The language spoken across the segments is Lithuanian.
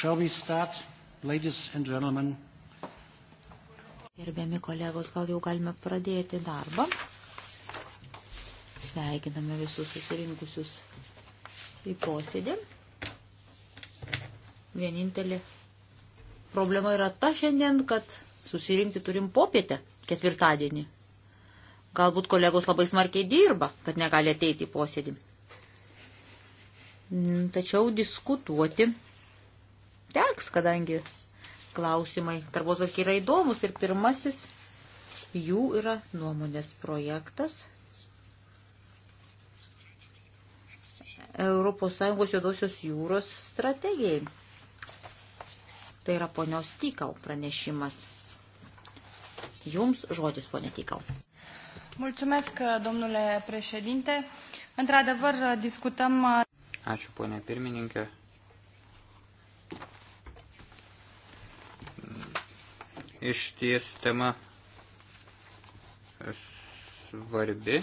Shall we start, ladies and gentlemen? Gerbiami kolegos, gal jau galime pradėti darbą. Sveikiname visus susirinkusius į posėdį. Vienintelė problema yra ta šiandien, kad susirinkti turim popietę ketvirtadienį. Galbūt kolegos labai smarkiai dirba, kad negali ateiti į posėdį. Mm, tačiau diskutuoti teks, kadangi klausimai darbotvarkiai yra įdomus ir pirmasis jų yra nuomonės projektas. ES juodosios jūros strategijai. Tai yra ponios Tykau pranešimas. Jums žodis, ponė Tykau. Mulțumesc, domnule președinte. Într-adevăr, discutăm... Uh, Ačiū, ponė pirmininkė. Iš ties tema svarbi.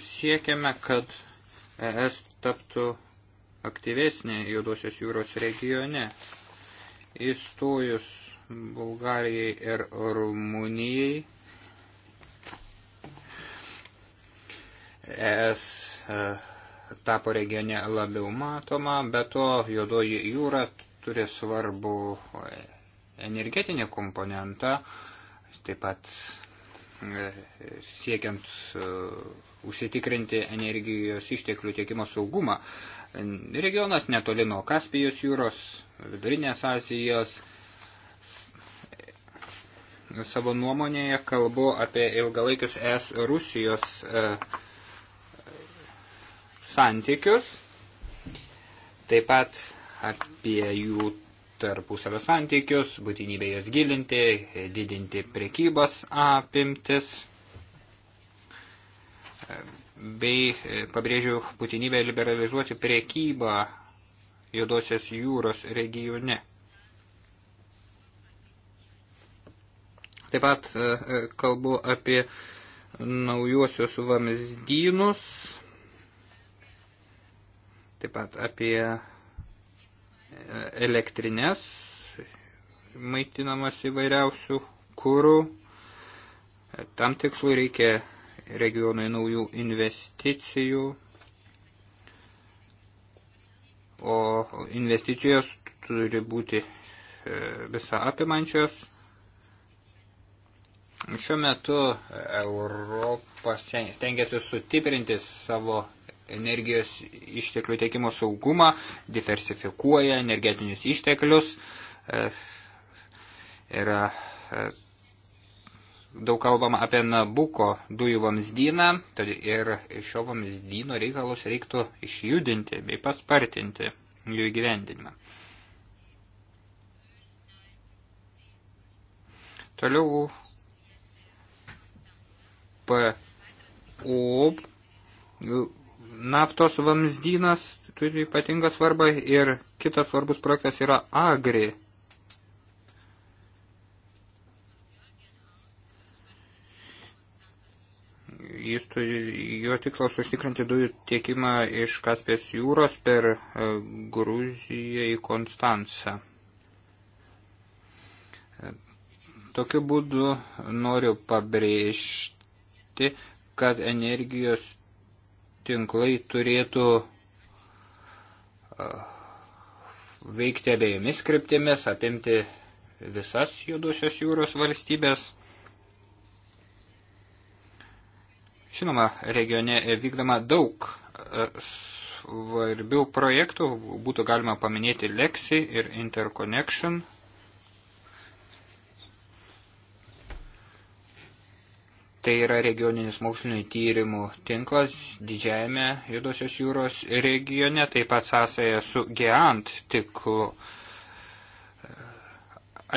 Siekiame, kad ES taptų aktyvesnė Juodosios jūros regione. Įstojus Bulgarijai ir Rumunijai ES e, tapo regione labiau matoma, bet to juodoji jūra turi svarbu energetinį komponentą, taip pat e, siekiant e, užsitikrinti energijos išteklių tiekimo saugumą. Regionas netoli nuo Kaspijos jūros, Vidurinės Azijos. Savo nuomonėje kalbu apie ilgalaikius ES Rusijos uh, santykius, taip pat apie jų tarpusavio santykius, būtinybę jas gilinti, didinti prekybos apimtis, bei e, pabrėžiau būtinybę liberalizuoti prekybą Juodosios jūros regione. Taip pat e, e, kalbu apie naujuosius vamzdynus, taip pat apie e, elektrinės maitinamas įvairiausių kūrų. E, tam tikslui reikia regionai naujų investicijų, o investicijos turi būti e, visą apimančios. Šiuo metu Europa stengiasi sutiprinti savo energijos išteklių tiekimo saugumą, diversifikuoja energetinius išteklius. E, yra e, daug kalbama apie Nabuko dujų vamzdyną ir šio vamzdyno reikalus reiktų išjudinti bei paspartinti jų įgyvendinimą. Toliau PO naftos vamzdynas turi ypatingą svarbą ir kitas svarbus projektas yra Agri. Jis turi, jo tikslas užtikrinti dujų tiekimą iš Kaspės jūros per e, Gruziją į Konstanciją. E, tokiu būdu noriu pabrėžti, kad energijos tinklai turėtų uh, veikti abiejomis kryptimis, apimti visas juodosios jūros valstybės. Žinoma, regione vykdama daug uh, svarbių projektų, būtų galima paminėti Lexi ir Interconnection Tai yra regioninis mokslinio tyrimų tinklas didžiajame Judosios jūros regione, taip pat sąsaja su GEANT tiklu.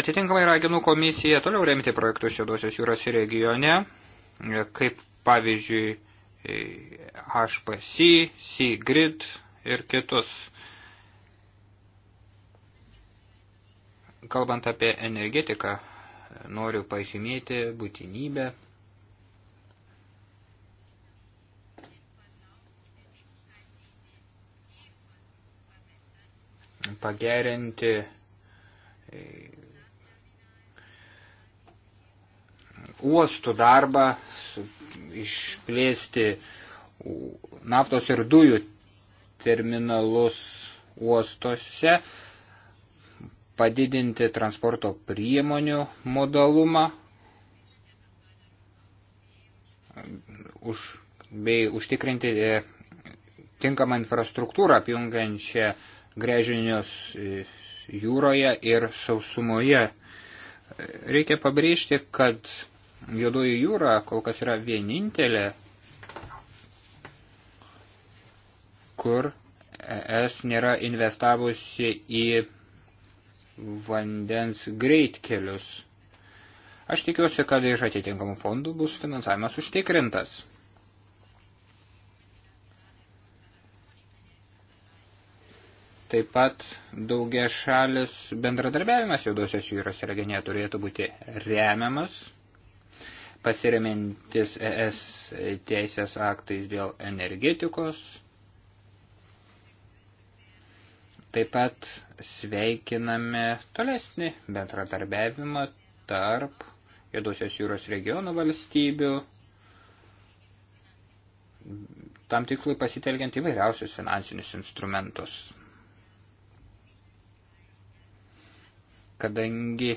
Atitinkamai raginų komisija toliau remti projektus Judosios jūros regione, kaip pavyzdžiui HPC, SeaGrid ir kitus. Kalbant apie energetiką, noriu pažymėti būtinybę pagerinti e, uostų darbą, išplėsti naftos ir dujų terminalus uostuose, padidinti transporto priemonių modalumą, už, bei užtikrinti e, tinkamą infrastruktūrą apjungiančią grežinius jūroje ir sausumoje. Reikia pabrėžti, kad Juodoji jūra kol kas yra vienintelė, kur ES nėra investavusi į vandens greitkelius. Aš tikiuosi, kad iš atitinkamų fondų bus finansavimas užtikrintas. Taip pat daugia šalis bendradarbiavimas juodosios jūros regione turėtų būti remiamas, pasiremintis ES teisės aktais dėl energetikos. Taip pat sveikiname tolesnį bendradarbiavimą tarp juodosios jūros regionų valstybių tam tiklui pasitelkiant įvairiausius finansinius instrumentus. kadangi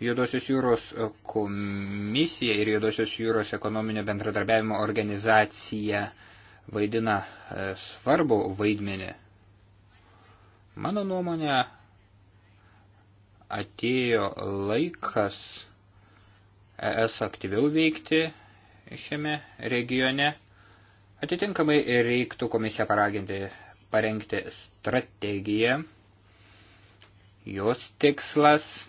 Juodosios jūros komisija ir Juodosios jūros ekonominio bendradarbiavimo organizacija vaidina e, svarbu vaidmenį. Mano nuomonė, atėjo laikas ES aktyviau veikti šiame regione. Atitinkamai reiktų komisiją paraginti parengti strategiją Jos tikslas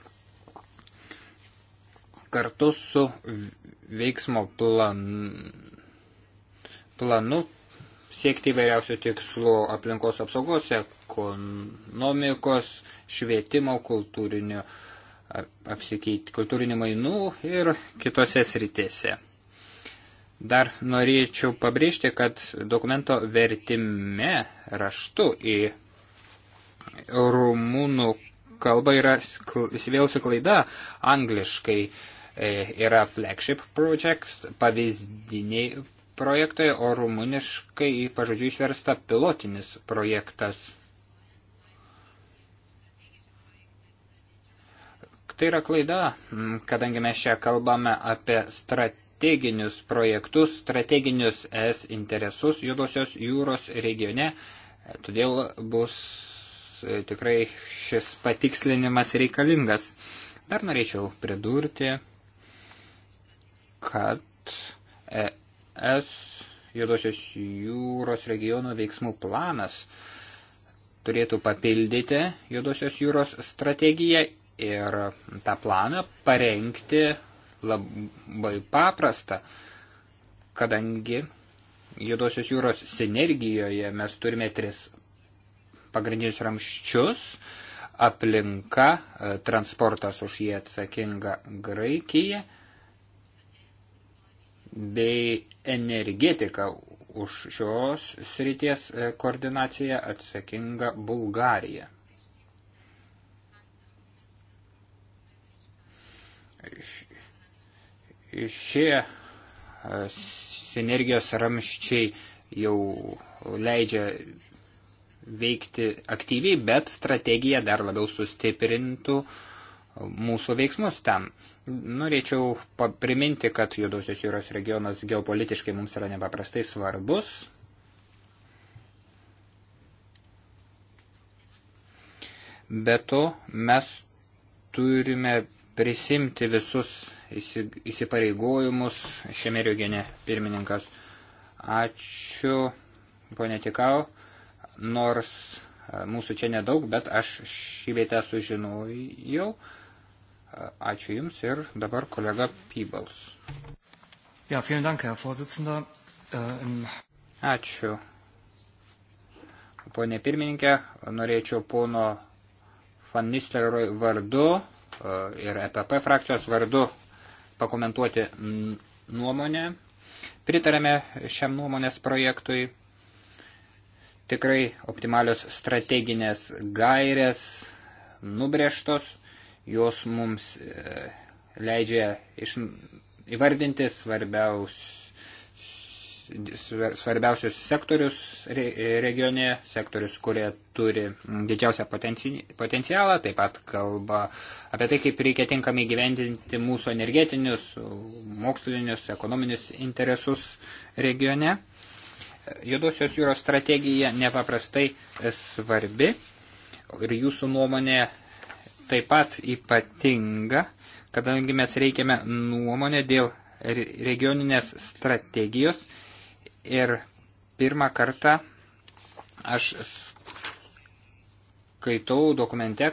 kartu su veiksmo plan, planu siekti įvairiausių tikslų aplinkos apsaugos, ekonomikos, švietimo, kultūrinio apsikeit, kultūrinių mainų ir kitose sritėse. Dar norėčiau pabrėžti, kad dokumento vertime raštu į rumūnų kalba yra įsivėlusi klaida angliškai. E, yra flagship projects, pavyzdiniai projektai, o rumuniškai į pažodžių išversta pilotinis projektas. Tai yra klaida, kadangi mes čia kalbame apie strateginius projektus, strateginius es interesus Judosios jūros regione, todėl bus E, tikrai šis patikslinimas reikalingas. Dar norėčiau pridurti, kad ES Juodosios jūros regiono veiksmų planas turėtų papildyti Juodosios jūros strategiją ir tą planą parengti labai paprasta, kadangi Juodosios jūros sinergijoje mes turime tris pagrindinius ramščius aplinka, e, transportas už jį atsakinga Graikija bei energetika už šios srities e, koordinaciją atsakinga Bulgarija. Šie e, sinergijos ramščiai jau leidžia veikti aktyviai, bet strategija dar labiau sustiprintų mūsų veiksmus tam. Norėčiau priminti, kad Juodosios jūros regionas geopolitiškai mums yra nepaprastai svarbus. Be to, mes turime prisimti visus įsipareigojimus šiame regione pirmininkas. Ačiū, ponė Tikau nors e, mūsų čia nedaug, bet aš šį vietę sužinojau. E, ačiū Jums ir dabar kolega Pybals. Ja, vielen Dank, Herr Vorsitzender. Äh, ačiū. Pone pirmininkė, norėčiau pono Van Nistelrooy vardu e, ir EPP frakcijos vardu pakomentuoti nuomonę. Pritarėme šiam nuomonės projektui. Tikrai optimalios strateginės gairės nubrėžtos, jos mums e, leidžia iš, įvardinti svarbiaus, svarbiausius sektorius regione, sektorius, kurie turi didžiausią potencialą, taip pat kalba apie tai, kaip reikia tinkamai gyvendinti mūsų energetinius, mokslinius, ekonominius interesus regione. Juodosios jūros strategija nepaprastai svarbi ir jūsų nuomonė taip pat ypatinga, kadangi mes reikiame nuomonę dėl regioninės strategijos ir pirmą kartą aš skaitau dokumente,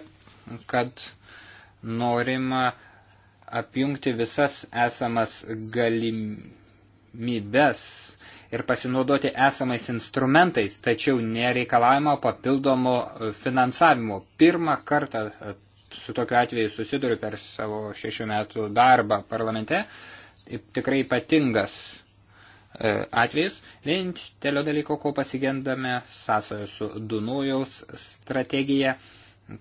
kad norima apjungti visas esamas galimybes ir pasinaudoti esamais instrumentais, tačiau nereikalavimo papildomo e, finansavimo. Pirmą kartą e, su tokiu atveju susiduriu per savo šešių metų darbą parlamente. Tikrai ypatingas e, atvejis. Vienintelio dalyko, ko pasigendame, sąsojo su Dunojaus strategija,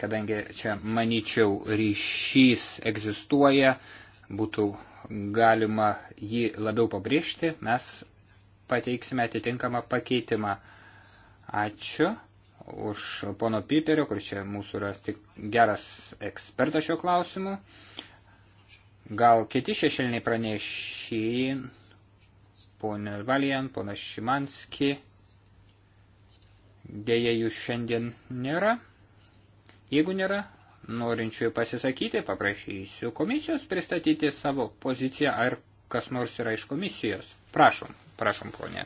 kadangi čia, manyčiau, ryšys egzistuoja, būtų galima jį labiau pabrėžti, mes pateiksime atitinkamą pakeitimą. Ačiū už pono Piperio, kuris čia mūsų yra tik geras ekspertas šio klausimu. Gal kiti šešėliniai pranešėjai, ponė Valijan, ponas Šimanski, dėja jų šiandien nėra. Jeigu nėra norinčiųjų pasisakyti, paprašysiu komisijos pristatyti savo poziciją ar kas nors yra iš komisijos. Prašom, prašom, ponė.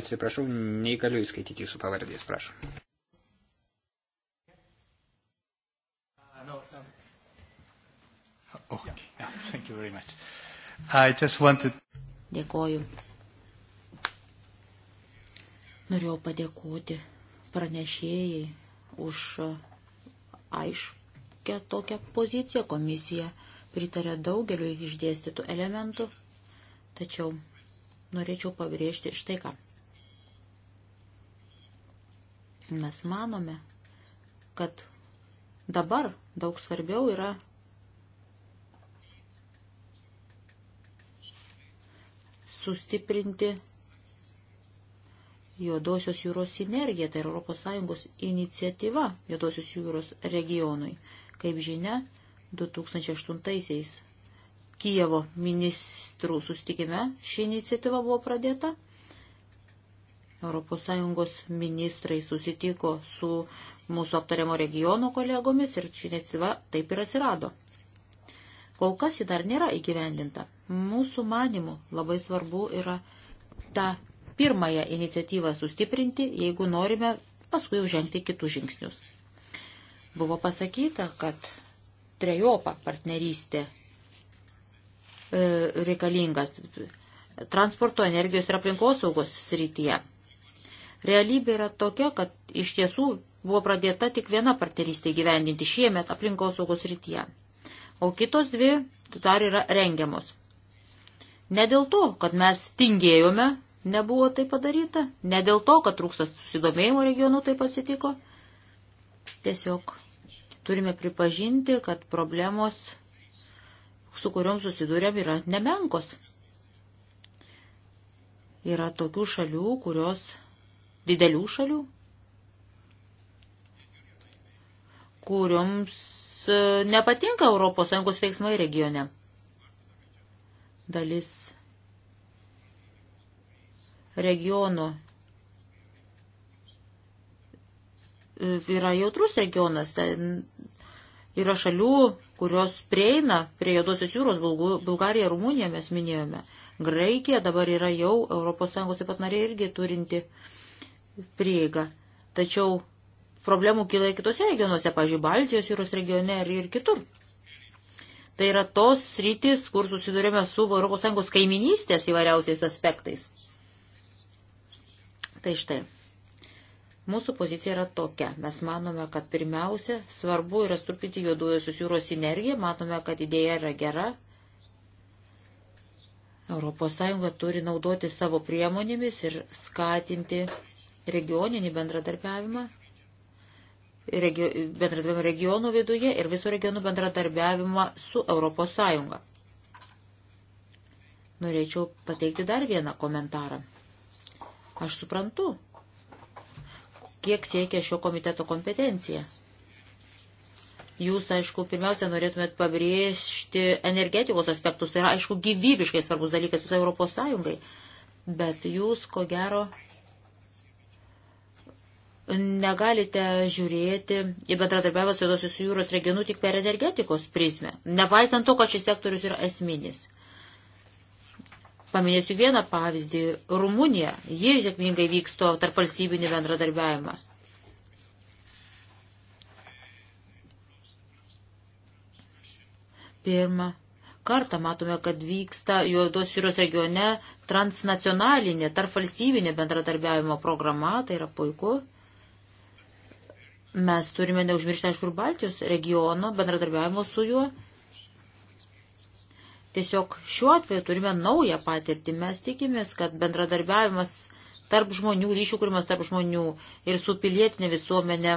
Atsiprašau, neįgaliu įskaityti jūsų pavardės, prašom. Oh, yeah, thank you very much. I just wanted... Dėkoju. Norėjau padėkoti pranešėjai už aiškę tokią poziciją komisiją pritarė daugeliu išdėstytų elementų, tačiau norėčiau pabrėžti štai ką. Mes manome, kad dabar daug svarbiau yra sustiprinti Juodosios jūros sinergija, tai yra ES iniciatyva Juodosios jūros regionui. Kaip žinia, 2008-aisiais Kijevo ministrų sustikime ši iniciatyva buvo pradėta. ES ministrai susitiko su mūsų aptariamo regiono kolegomis ir ši iniciatyva taip ir atsirado. Kol kas ji dar nėra įgyvendinta. Mūsų manimų labai svarbu yra tą pirmąją iniciatyvą sustiprinti, jeigu norime paskui užžengti kitus žingsnius. Buvo pasakyta, kad trejopą partnerystę e, reikalinga transporto, energijos ir aplinkosaugos srityje. Realybė yra tokia, kad iš tiesų buvo pradėta tik viena partnerystė gyvendinti šiemet aplinkosaugos srityje, o kitos dvi dar yra rengiamos. Ne dėl to, kad mes tingėjome, nebuvo tai padaryta, ne dėl to, kad trūksas susidomėjimo regionų taip atsitiko. Tiesiog Turime pripažinti, kad problemos, su kuriuom susidūrėm, yra nemenkos. Yra tokių šalių, kurios didelių šalių, kurioms e, nepatinka ES veiksmai regione. Dalis regionų e, yra jautrus regionas, ten Yra šalių, kurios prieina prie Jodosios jūros, Bulgarija, Rumunija mes minėjome. Graikija dabar yra jau ES taip pat narė irgi turinti prieigą. Tačiau problemų kyla ir kitose regionuose, pažiūrėjau, Baltijos jūros regione ir, ir kitur. Tai yra tos sritis, kur susidurėme su ES kaiminystės įvairiausiais aspektais. Tai štai. Mūsų pozicija yra tokia. Mes manome, kad pirmiausia, svarbu yra stupinti juodojosios jūros sinergiją, matome, kad idėja yra gera. ES turi naudoti savo priemonėmis ir skatinti regioninį bendradarbiavimą, regio, bendradarbiavimą regionų viduje ir visų regionų bendradarbiavimą su ES. Norėčiau pateikti dar vieną komentarą. Aš suprantu, kiek siekia šio komiteto kompetencija. Jūs, aišku, pirmiausia, norėtumėt pabrėžti energetikos aspektus, tai yra, aišku, gyvybiškai svarbus dalykas visai Europos Sąjungai, bet jūs, ko gero, negalite žiūrėti į bendradarbiavimą su Juodosios jūros regionu tik per energetikos prizmę, nepaisant to, kad šis sektorius yra esminis. Paminėsiu vieną pavyzdį. Rumunija. Ji sėkmingai vyksto tarp valstybinį bendradarbiavimą. Pirmą kartą matome, kad vyksta Juodos jūros regione transnacionalinė, tarp valstybinė bendradarbiavimo programa. Tai yra puiku. Mes turime neužmiršti, aišku, ir Baltijos regiono bendradarbiavimo su juo. Tiesiog šiuo atveju turime naują patirtį. Mes tikimės, kad bendradarbiavimas tarp žmonių, ryšių kūrimas tarp žmonių ir su pilietinė visuomenė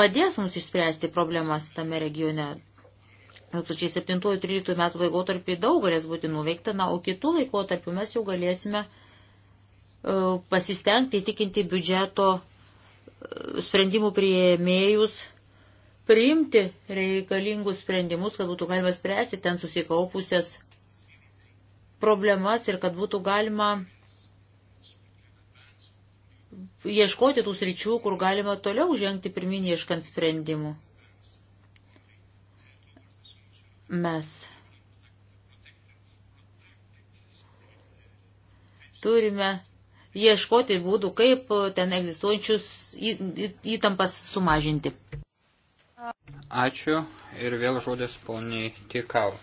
padės mums išspręsti problemas tame regione. 2007-2013 metų laikotarpį daug galės būti nuveikta, na, o kitų laikotarpių mes jau galėsime e, pasistengti įtikinti biudžeto e, sprendimų prieėmėjus priimti reikalingus sprendimus, kad būtų galima spręsti ten susikaupusias problemas ir kad būtų galima ieškoti tų sričių, kur galima toliau žengti pirminį ieškant sprendimų. Mes turime ieškoti būdų, kaip ten egzistuojančius įtampas sumažinti. Ačiū ir vėl žodis poniai Tikau.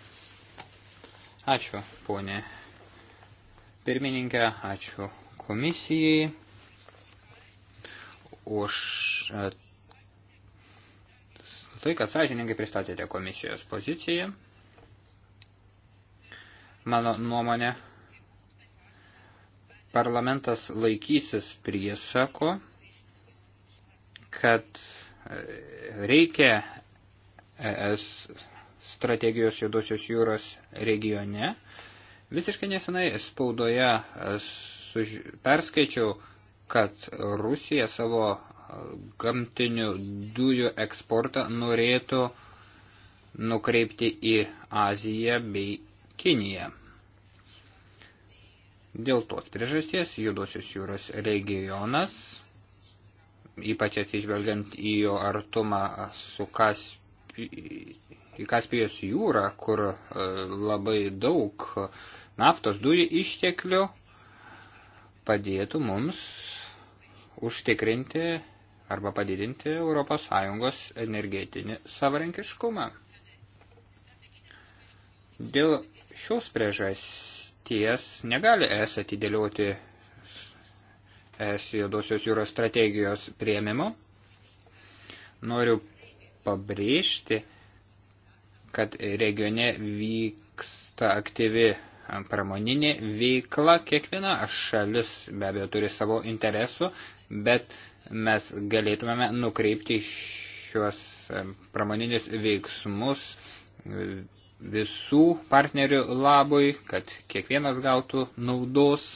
Ačiū, ponė. Pirmininkė, ačiū komisijai už e, tai, kad sąžininkai pristatėte komisijos poziciją. Mano nuomonė, parlamentas laikysis priesako, kad Reikia ES strategijos juodosios jūros regione. Visiškai nesenai spaudoje perskaičiau, kad Rusija savo gamtinių dujų eksportą norėtų nukreipti į Aziją bei Kiniją. Dėl tos priežasties Judosios jūros regionas ypač atsižvelgiant į jo artumą su Kaspi, į Kaspijos jūrą, kur e, labai daug naftos dujų išteklių padėtų mums užtikrinti arba padidinti ES energetinį savarankiškumą. Dėl šios priežasties negali es atidėlioti es juodosios jūros strategijos prieimimo. Noriu pabrėžti, kad regione vyksta aktyvi pramoninė veikla. Kiekviena šalis be abejo turi savo interesų, bet mes galėtumėme nukreipti šiuos pramoninius veiksmus visų partnerių labui, kad kiekvienas gautų naudos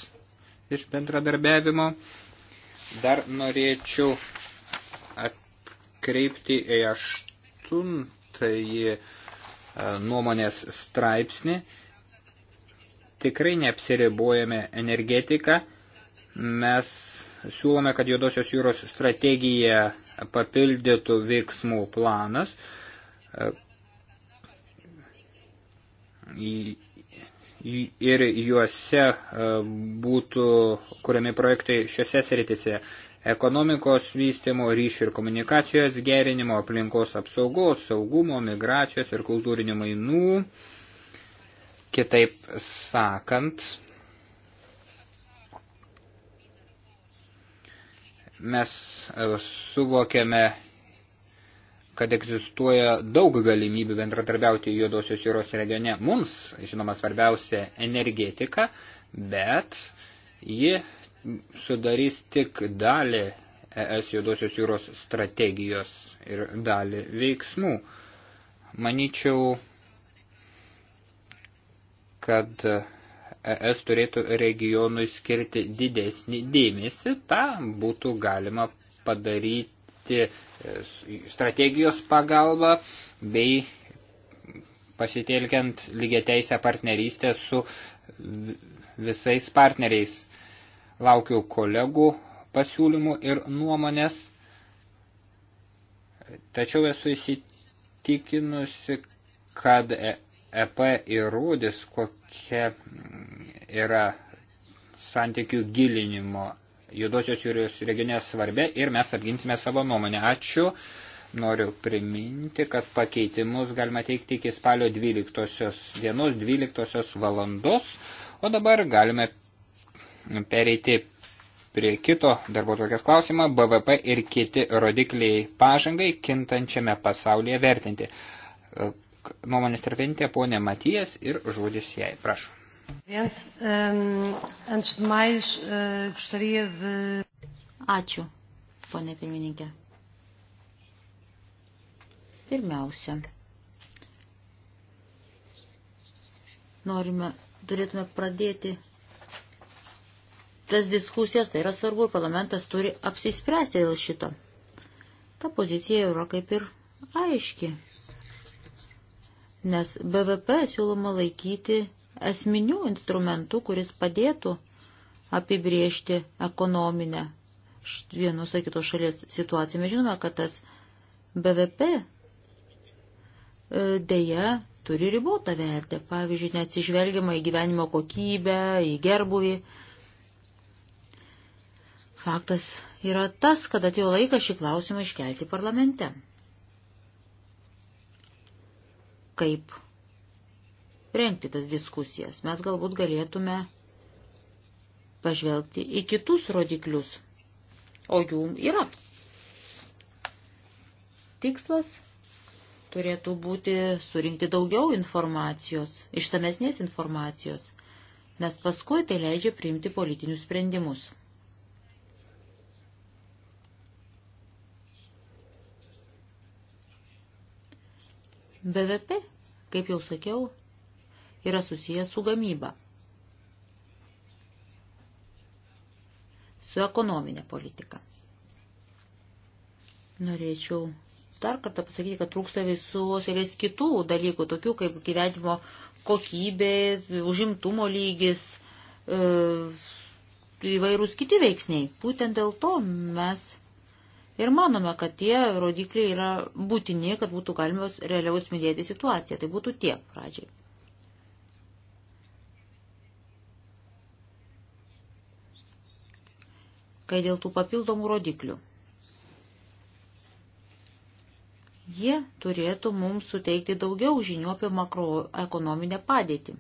iš bendradarbiavimo. Dar norėčiau atkreipti į aštuntąjį e, nuomonės straipsnį. Tikrai neapsiribojame energetiką. Mes siūlome, kad Juodosios jūros strategija papildytų veiksmų planas. E, ir juose e, būtų kuriami projektai šiuose sritise ekonomikos vystimo, ryšių ir komunikacijos gerinimo, aplinkos apsaugos, saugumo, migracijos ir kultūrinių mainų. Kitaip sakant, mes e, suvokiame kad egzistuoja daug galimybių bendradarbiauti Juodosios jūros regione. Mums, žinoma, svarbiausia energetika, bet ji sudarys tik dalį ES Juodosios jūros strategijos ir dalį veiksmų. Maničiau, kad ES turėtų regionui skirti didesnį dėmesį, tą būtų galima padaryti pasinaudoti e, strategijos pagalba bei pasitelkiant lygiateisę partnerystę su visais partneriais. Laukiu kolegų pasiūlymų ir nuomonės, tačiau esu įsitikinusi, kad EP e įrodys, kokia yra santykių gilinimo Judosios jūros regione svarbia ir mes apginsime savo nuomonę. Ačiū. Noriu priminti, kad pakeitimus galima teikti iki spalio 12 dienos 12 valandos, o dabar galime pereiti prie kito darbo tokias klausimą – BVP ir kiti rodikliai pažangai kintančiame pasaulyje vertinti. Nuomonės tarpintė ponė Matijas ir žodis jai. Prašau. Ehm, eh, Ačiū, ponė pirmininkė. Pirmiausia, norime, turėtume pradėti tas diskusijas, tai yra svarbu, parlamentas turi apsispręsti dėl šito. Ta pozicija yra kaip ir aiški, nes BVP siūloma laikyti esminių instrumentų, kuris padėtų apibriežti ekonominę vienos ar kitos šalies situaciją. Mes žinome, kad tas BVP e, dėja turi ribotą vertę, pavyzdžiui, neatsižvelgiama į gyvenimo kokybę, į gerbuvį. Faktas yra tas, kad atėjo laikas šį klausimą iškelti parlamente. Kaip renkti tas diskusijas. Mes galbūt galėtume pažvelgti į kitus rodiklius, o jų yra. Tikslas turėtų būti surinkti daugiau informacijos, išsamesnės informacijos, nes paskui tai leidžia priimti politinius sprendimus. BVP, kaip jau sakiau, yra susijęs su gamyba, su ekonominė politika. Norėčiau dar kartą pasakyti, kad trūksta visos eilės kitų dalykų, tokių kaip gyvenimo kokybė, užimtumo lygis, e, įvairūs kiti veiksniai. Būtent dėl to mes Ir manome, kad tie rodikliai yra būtini, kad būtų galima realiau atspindėti situaciją. Tai būtų tiek pradžiai. kai dėl tų papildomų rodiklių. Jie turėtų mums suteikti daugiau žinių apie makroekonominę padėtį.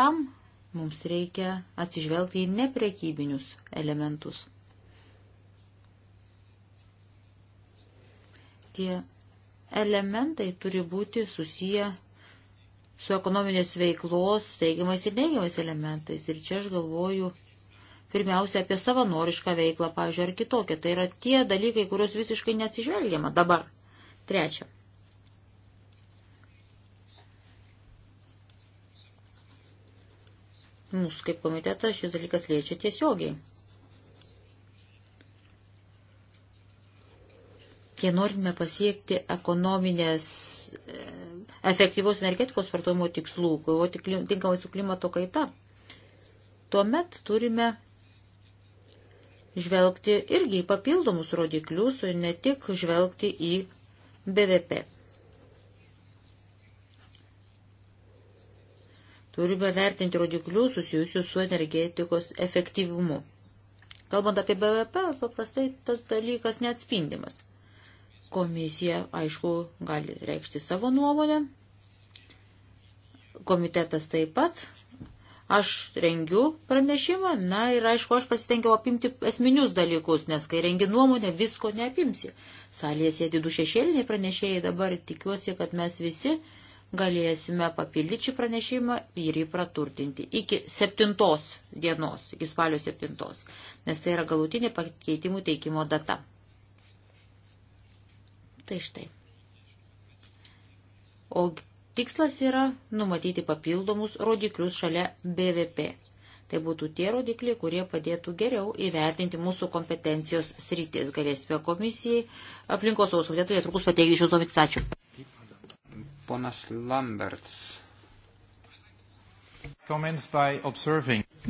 Tam mums reikia atsižvelgti į neprekybinius elementus. Tie elementai turi būti susiję su ekonominės veiklos teigiamais ir neigiamais elementais. Ir čia aš galvoju pirmiausia apie savanorišką veiklą, pavyzdžiui, ar kitokią. Tai yra tie dalykai, kuriuos visiškai neatsižvelgiama dabar. Trečia. Mūsų kaip komitetas šis dalykas liečia tiesiogiai. Kai norime pasiekti ekonominės efektyvos energetikos vartojimo tikslų, kovoti tinkamai su klimato kaita, tuomet turime žvelgti irgi į papildomus rodiklius ir ne tik žvelgti į BVP. Turime vertinti rodiklius susijusius su energetikos efektyvumu. Kalbant apie BVP, paprastai tas dalykas neatspindimas. Komisija, aišku, gali reikšti savo nuomonę. Komitetas taip pat. Aš rengiu pranešimą, na ir aišku, aš pasitengiau apimti esminius dalykus, nes kai rengi nuomonę, visko neapimsi. Salėje sėdi du šešėliniai pranešėjai, dabar tikiuosi, kad mes visi galėsime papildyti šį pranešimą ir jį praturtinti iki 7 dienos, iki spalio 7, nes tai yra galutinė pakeitimų teikimo data. Tai štai. O tikslas yra numatyti papildomus rodiklius šalia BVP. Tai būtų tie rodikliai, kurie padėtų geriau įvertinti mūsų kompetencijos sritis. Galėsime komisijai aplinkos saugos komitetui netrukus pateikti šios domiks. Ačiū. Ponas Lamberts.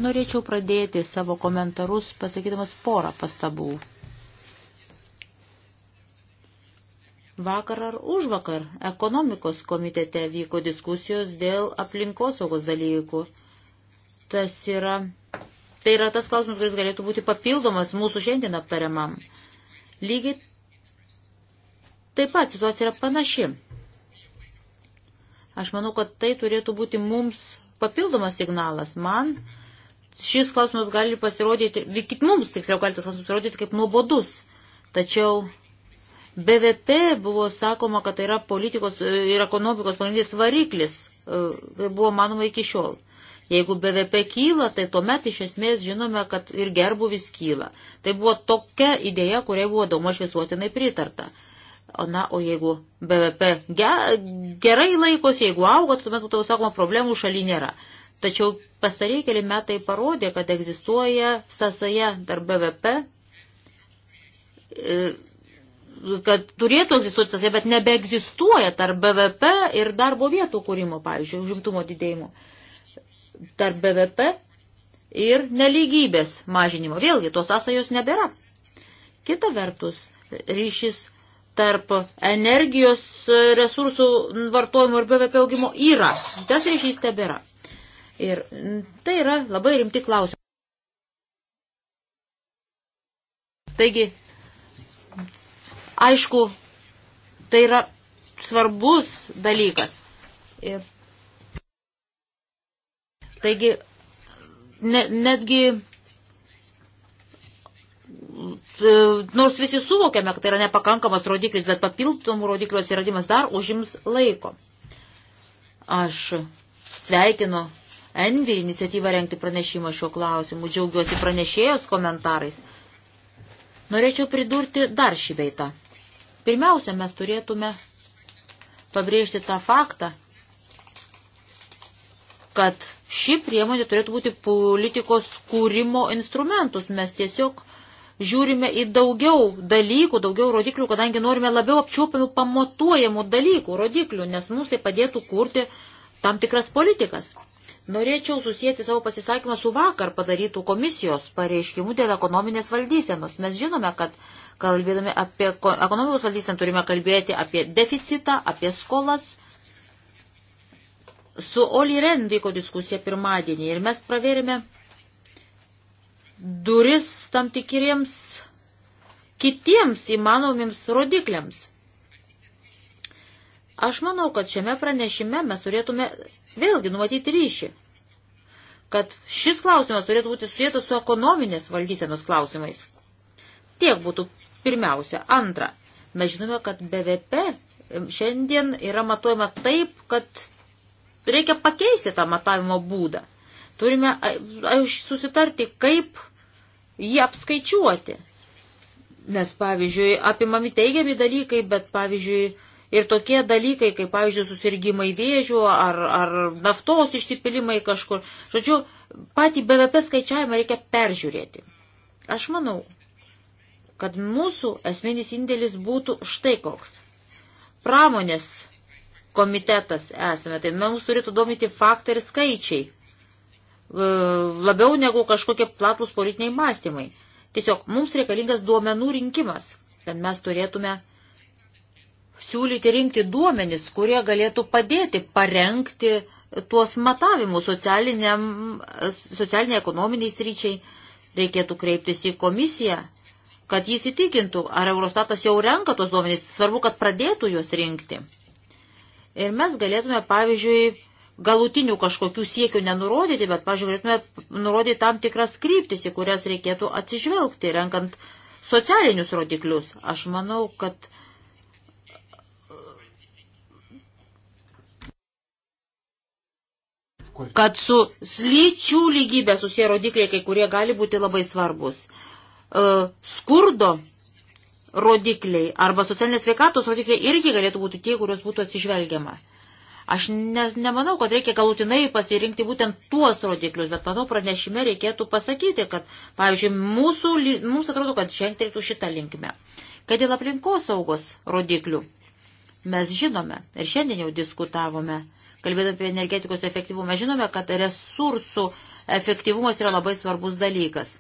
Norėčiau pradėti savo komentarus pasakydamas porą pastabų. Vakar ar už vakar ekonomikos komitete vyko diskusijos dėl aplinkosaugos dalykų. Tas yra, tai yra tas klausimas, kuris galėtų būti papildomas mūsų šiandien aptariamam. Lygiai taip pat situacija yra panaši. Aš manau, kad tai turėtų būti mums papildomas signalas. Man šis klausimas gali pasirodyti, mums tiksliau gali tas klausimas pasirodyti kaip nuobodus. Tačiau BVP buvo sakoma, kad tai yra politikos ir ekonomikos pagrindinis variklis, e, buvo manoma iki šiol. Jeigu BVP kyla, tai tuomet iš esmės žinome, kad ir gerbuvis kyla. Tai buvo tokia idėja, kuriai buvo daugmaž visuotinai pritarta. O, na, o jeigu BVP gerai laikosi, jeigu auga, tuomet, tau sakoma, problemų šaly nėra. Tačiau pastarėjai keli metai parodė, kad egzistuoja sąsaja tarp BVP e, kad turėtų egzistuoti tasai, bet nebeegzistuoja tarp BVP ir darbo vietų kūrimo, pavyzdžiui, užimtumo didėjimo. Tarp BVP ir nelygybės mažinimo. Vėlgi, tos sąsajos nebėra. Kita vertus, ryšys tarp energijos resursų vartojimo ir BVP augimo yra. Tas ryšys tebėra. Ir tai yra labai rimti klausimai. Taigi, Aišku, tai yra svarbus dalykas. Ir taigi, ne, netgi e, nors visi suvokiame, kad tai yra nepakankamas rodiklis, bet papildomų rodiklių atsiradimas dar užims laiko. Aš sveikinu Envy iniciatyvą renkti pranešimą šiuo klausimu, džiaugiuosi pranešėjos komentarais. Norėčiau pridurti dar šį beitą. Pirmiausia, mes turėtume pabrėžti tą faktą, kad ši priemonė turėtų būti politikos kūrimo instrumentus. Mes tiesiog žiūrime į daugiau dalykų, daugiau rodiklių, kadangi norime labiau apčiuopiamų pamatuojamų dalykų, rodiklių, nes mums tai padėtų kurti tam tikras politikas. Norėčiau susijęti savo pasisakymą su vakar padarytų komisijos pareiškimu dėl ekonominės valdysenos. Mes žinome, kad kalbėdami apie ekonomikos valdyseną turime kalbėti apie deficitą, apie skolas. Su Oli Ren vyko diskusija pirmadienį ir mes pravėrėme duris tam tikriems kitiems įmanomiems rodikliams. Aš manau, kad šiame pranešime mes turėtume Vėlgi numatyti ryšį, kad šis klausimas turėtų būti susijęs su ekonominės valdysenos klausimais. Tiek būtų pirmiausia. Antra, mes žinome, kad BVP šiandien yra matuojama taip, kad reikia pakeisti tą matavimo būdą. Turime susitarti, kaip jį apskaičiuoti. Nes, pavyzdžiui, apimami teigiami dalykai, bet, pavyzdžiui, Ir tokie dalykai, kaip, pavyzdžiui, susirgymai vėžių ar, ar naftos išsipilimai kažkur. Žodžiu, patį BVP skaičiavimą reikia peržiūrėti. Aš manau, kad mūsų esminis indėlis būtų štai koks. Pramonės komitetas esame, tai mums turėtų domyti faktai ir skaičiai, e, labiau negu kažkokie platus politiniai mąstymai. Tiesiog mums reikalingas duomenų rinkimas, kad mes turėtume siūlyti rinkti duomenis, kurie galėtų padėti parengti tuos matavimus socialiniai ekonominiai sryčiai. Reikėtų kreiptis į komisiją, kad jis įtikintų, ar Eurostatas jau renka tuos duomenys. Svarbu, kad pradėtų juos rinkti. Ir mes galėtume, pavyzdžiui, galutinių kažkokių siekių nenurodyti, bet, pavyzdžiui, galėtume nurodyti tam tikras kryptis, į kurias reikėtų atsižvelgti, renkant socialinius rodiklius. Aš manau, kad kad su lyčių lygybė susiję rodikliai, kai kurie gali būti labai svarbus. E, skurdo rodikliai arba socialinės veikatos rodikliai irgi galėtų būti tie, kurios būtų atsižvelgiama. Aš ne, nemanau, kad reikia galutinai pasirinkti būtent tuos rodiklius, bet manau, pranešime reikėtų pasakyti, kad, pavyzdžiui, mūsų, mums atrodo, kad žengti reiktų šitą linkmę. Kad dėl aplinkos saugos rodiklių mes žinome ir šiandien jau diskutavome, Kalbėdami apie energetikos efektyvumą, žinome, kad resursų efektyvumas yra labai svarbus dalykas.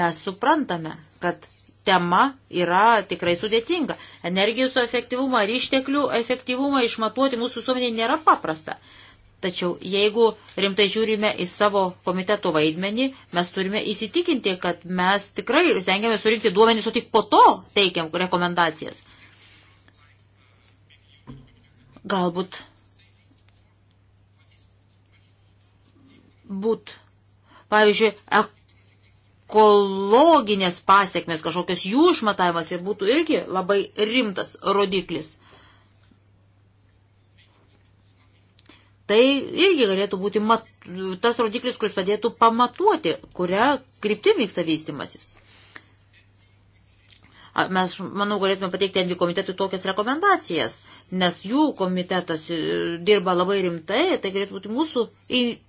Mes suprantame, kad tema yra tikrai sudėtinga. Energijos efektyvumą ir išteklių efektyvumą išmatuoti mūsų visuomenėje nėra paprasta. Tačiau jeigu rimtai žiūrime į savo komiteto vaidmenį, mes turime įsitikinti, kad mes tikrai stengiamės surinkti duomenys, o tik po to teikiam rekomendacijas. Galbūt būt, pavyzdžiui, ekologinės pasiekmes, kažkokios jų išmatavimas ir būtų irgi labai rimtas rodiklis. Tai irgi galėtų būti mat, tas rodiklis, kuris padėtų pamatuoti, kuria kryptim vyksta vystimasis. Mes, manau, galėtume pateikti Envi komitetui tokias rekomendacijas nes jų komitetas e, dirba labai rimtai, tai galėtų būti mūsų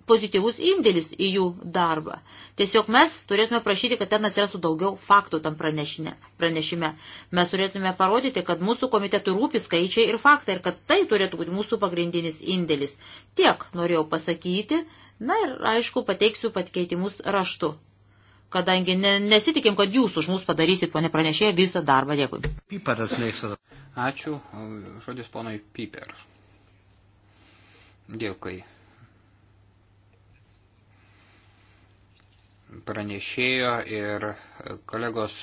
pozityvus indėlis į jų darbą. Tiesiog mes turėtume prašyti, kad ten atsirastų daugiau faktų tam pranešime. pranešime. Mes turėtume parodyti, kad mūsų komitetui rūpi skaičiai ir faktai ir kad tai turėtų būti mūsų pagrindinis indėlis. Tiek norėjau pasakyti. Na ir aišku, pateiksiu patkeitimus raštu kadangi ne, nesitikim, kad jūs už mus padarysit, ponė pranešėja, visą darbą. Dėkui. Piperas leiksada. Ačiū. Žodis ponui Piper. Dėkui. Pranešėjo ir kolegos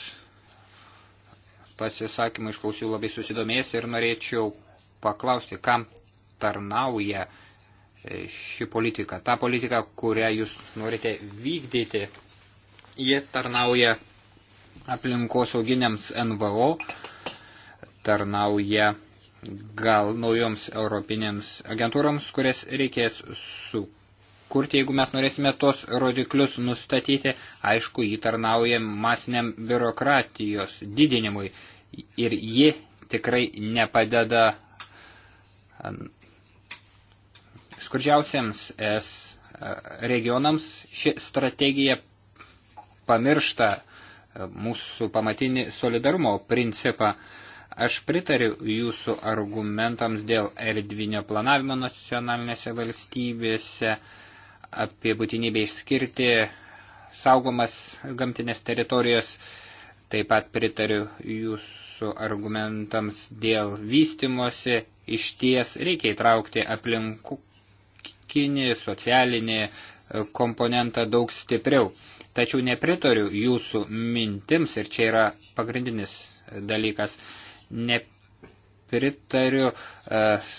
pasisakymą išklausiau labai susidomėjęs ir norėčiau paklausti, kam tarnauja ši politika, ta politika, kurią jūs norite vykdyti Jie tarnauja aplinkosauginiams NVO, tarnauja gal naujoms europinėms agentūroms, kurias reikės sukurti, jeigu mes norėsime tos rodiklius nustatyti, aišku, jį tarnauja masiniam biurokratijos didinimui ir ji tikrai nepadeda skurdžiausiams es regionams. Ši strategija pamiršta e, mūsų pamatinį solidarumo principą. Aš pritariu jūsų argumentams dėl erdvinio planavimo nacionalinėse valstybėse, apie būtinybę išskirti saugomas gamtinės teritorijos. Taip pat pritariu jūsų argumentams dėl vystimosi. Iš ties reikia įtraukti aplinkinį, socialinį e, komponentą daug stipriau. Tačiau nepritariu jūsų mintims ir čia yra pagrindinis dalykas. Nepritariu uh,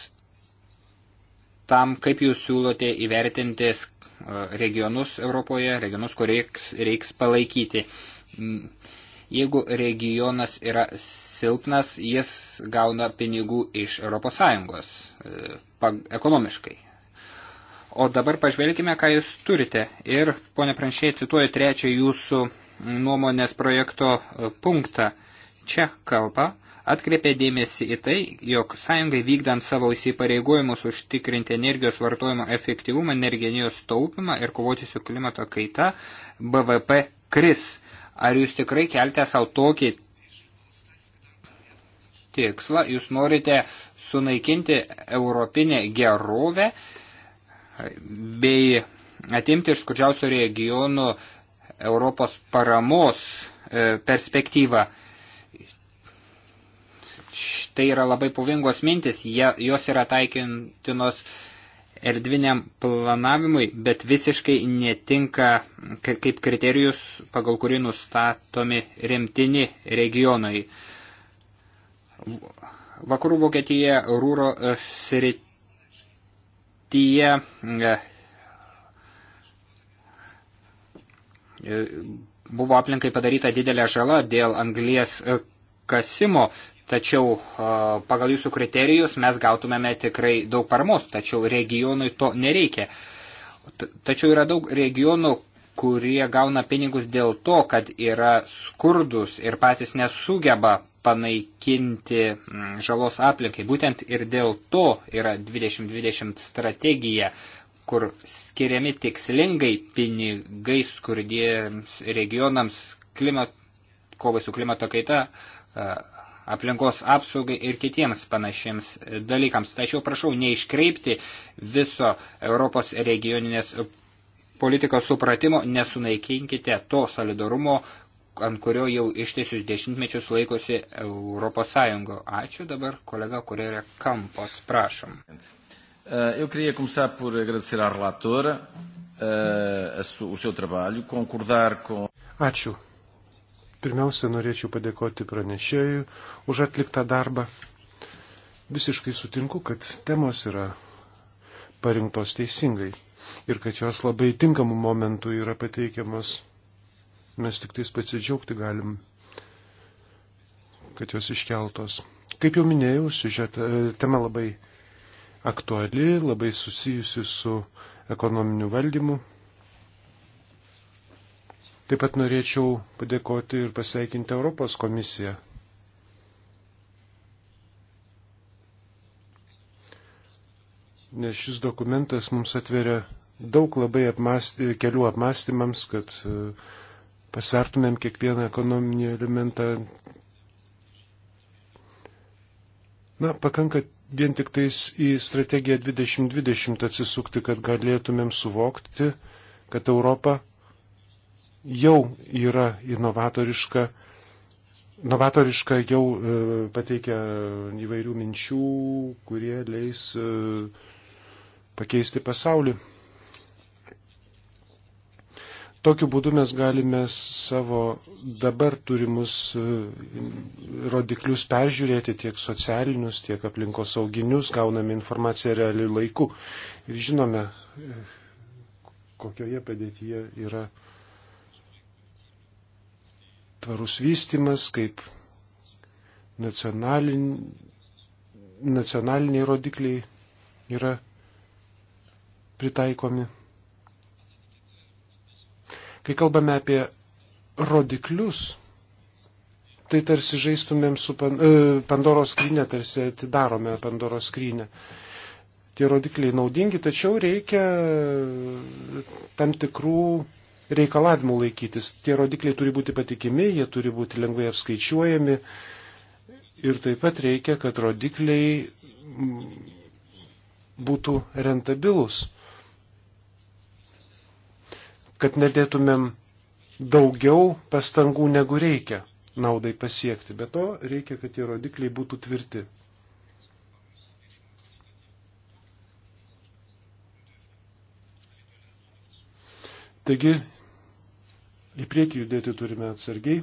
tam, kaip jūs siūlote įvertinti e, regionus Europoje, regionus, kur reiks, reiks palaikyti. Jeigu regionas yra silpnas, jis gauna pinigų iš ES e, ekonomiškai. O dabar pažvelgime, ką jūs turite. Ir, ponė Pranšiai, cituoju trečią jūsų nuomonės projekto e, punktą. Čia kalba atkreipė dėmesį į tai, jog sąjungai vykdant savo įsipareigojimus užtikrinti energijos vartojimo efektyvumą, energijos taupimą ir kovoti su klimato kaita, BVP kris. Ar jūs tikrai keltė savo tokį tikslą, jūs norite sunaikinti europinę gerovę, bei atimti iš skurdžiausių regionų Europos paramos e, perspektyvą. Štai yra labai pavingos mintis, jos yra taikintinos erdviniam planavimui, bet visiškai netinka kaip kriterijus, pagal kurį nustatomi remtini regionai. Vakarų Vokietija rūro e, srityje tie e, e, buvo aplinkai padaryta didelė žala dėl anglies e, kasimo, tačiau pagal jūsų kriterijus mes gautumėme tikrai daug paramos, tačiau regionui to nereikia. Tačiau yra daug regionų, kurie gauna pinigus dėl to, kad yra skurdus ir patys nesugeba panaikinti mm, žalos aplinkai. Būtent ir dėl to yra 2020 strategija, kur skiriami tikslingai pinigai skurdiems regionams klimat, kovai su klimato kaita, e, aplinkos apsaugai ir kitiems panašiems dalykams. Tačiau prašau neiškreipti viso Europos regioninės politikos supratimo nesunaikinkite to solidarumo, ant kurio jau ištisius dešimtmečius laikosi Europos Sąjungo. Ačiū dabar kolega, kurie yra kampos, prašom. Eh, eu queria começar por agradecer à relatora uh, o seu trabalho, concordar com. Ačiū. Pirmiausia, norėčiau padėkoti pranešėjui už atliktą darbą. Visiškai sutinku, kad temos yra parinktos teisingai ir kad jos labai tinkamų momentų yra pateikiamos. Mes tik tais pasidžiaugti galim, kad jos iškeltos. Kaip jau minėjau, siužetą, e, tema labai aktuali, labai susijusi su ekonominiu valdymu. Taip pat norėčiau padėkoti ir pasveikinti Europos komisiją. Nes šis dokumentas mums atveria daug labai apmasty, kelių apmastymams, kad e, pasvertumėm kiekvieną ekonominį elementą. Na, pakanka vien tik tais į strategiją 2020 atsisukti, kad galėtumėm suvokti, kad Europa jau yra inovatoriška, novatoriška jau e, pateikia įvairių minčių, kurie leis e, pakeisti pasaulį. Tokiu būdu mes galime savo dabar turimus e, rodiklius peržiūrėti tiek socialinius, tiek aplinkos sauginius, gauname informaciją realiu laiku ir žinome, e, kokioje padėtyje yra tvarus vystimas, kaip nacionalin, nacionaliniai rodikliai yra pritaikomi. Kai kalbame apie rodiklius, tai tarsi žaistumėm su pan, e, Pandoros skrynė, tarsi atidarome Pandoros skrynę. Tie rodikliai naudingi, tačiau reikia tam tikrų reikalavimų laikytis. Tie rodikliai turi būti patikimi, jie turi būti lengvai apskaičiuojami ir taip pat reikia, kad rodikliai būtų rentabilus kad nedėtumėm daugiau pastangų negu reikia naudai pasiekti. Be to reikia, kad tie rodikliai būtų tvirti. Taigi, į priekį judėti turime atsargiai.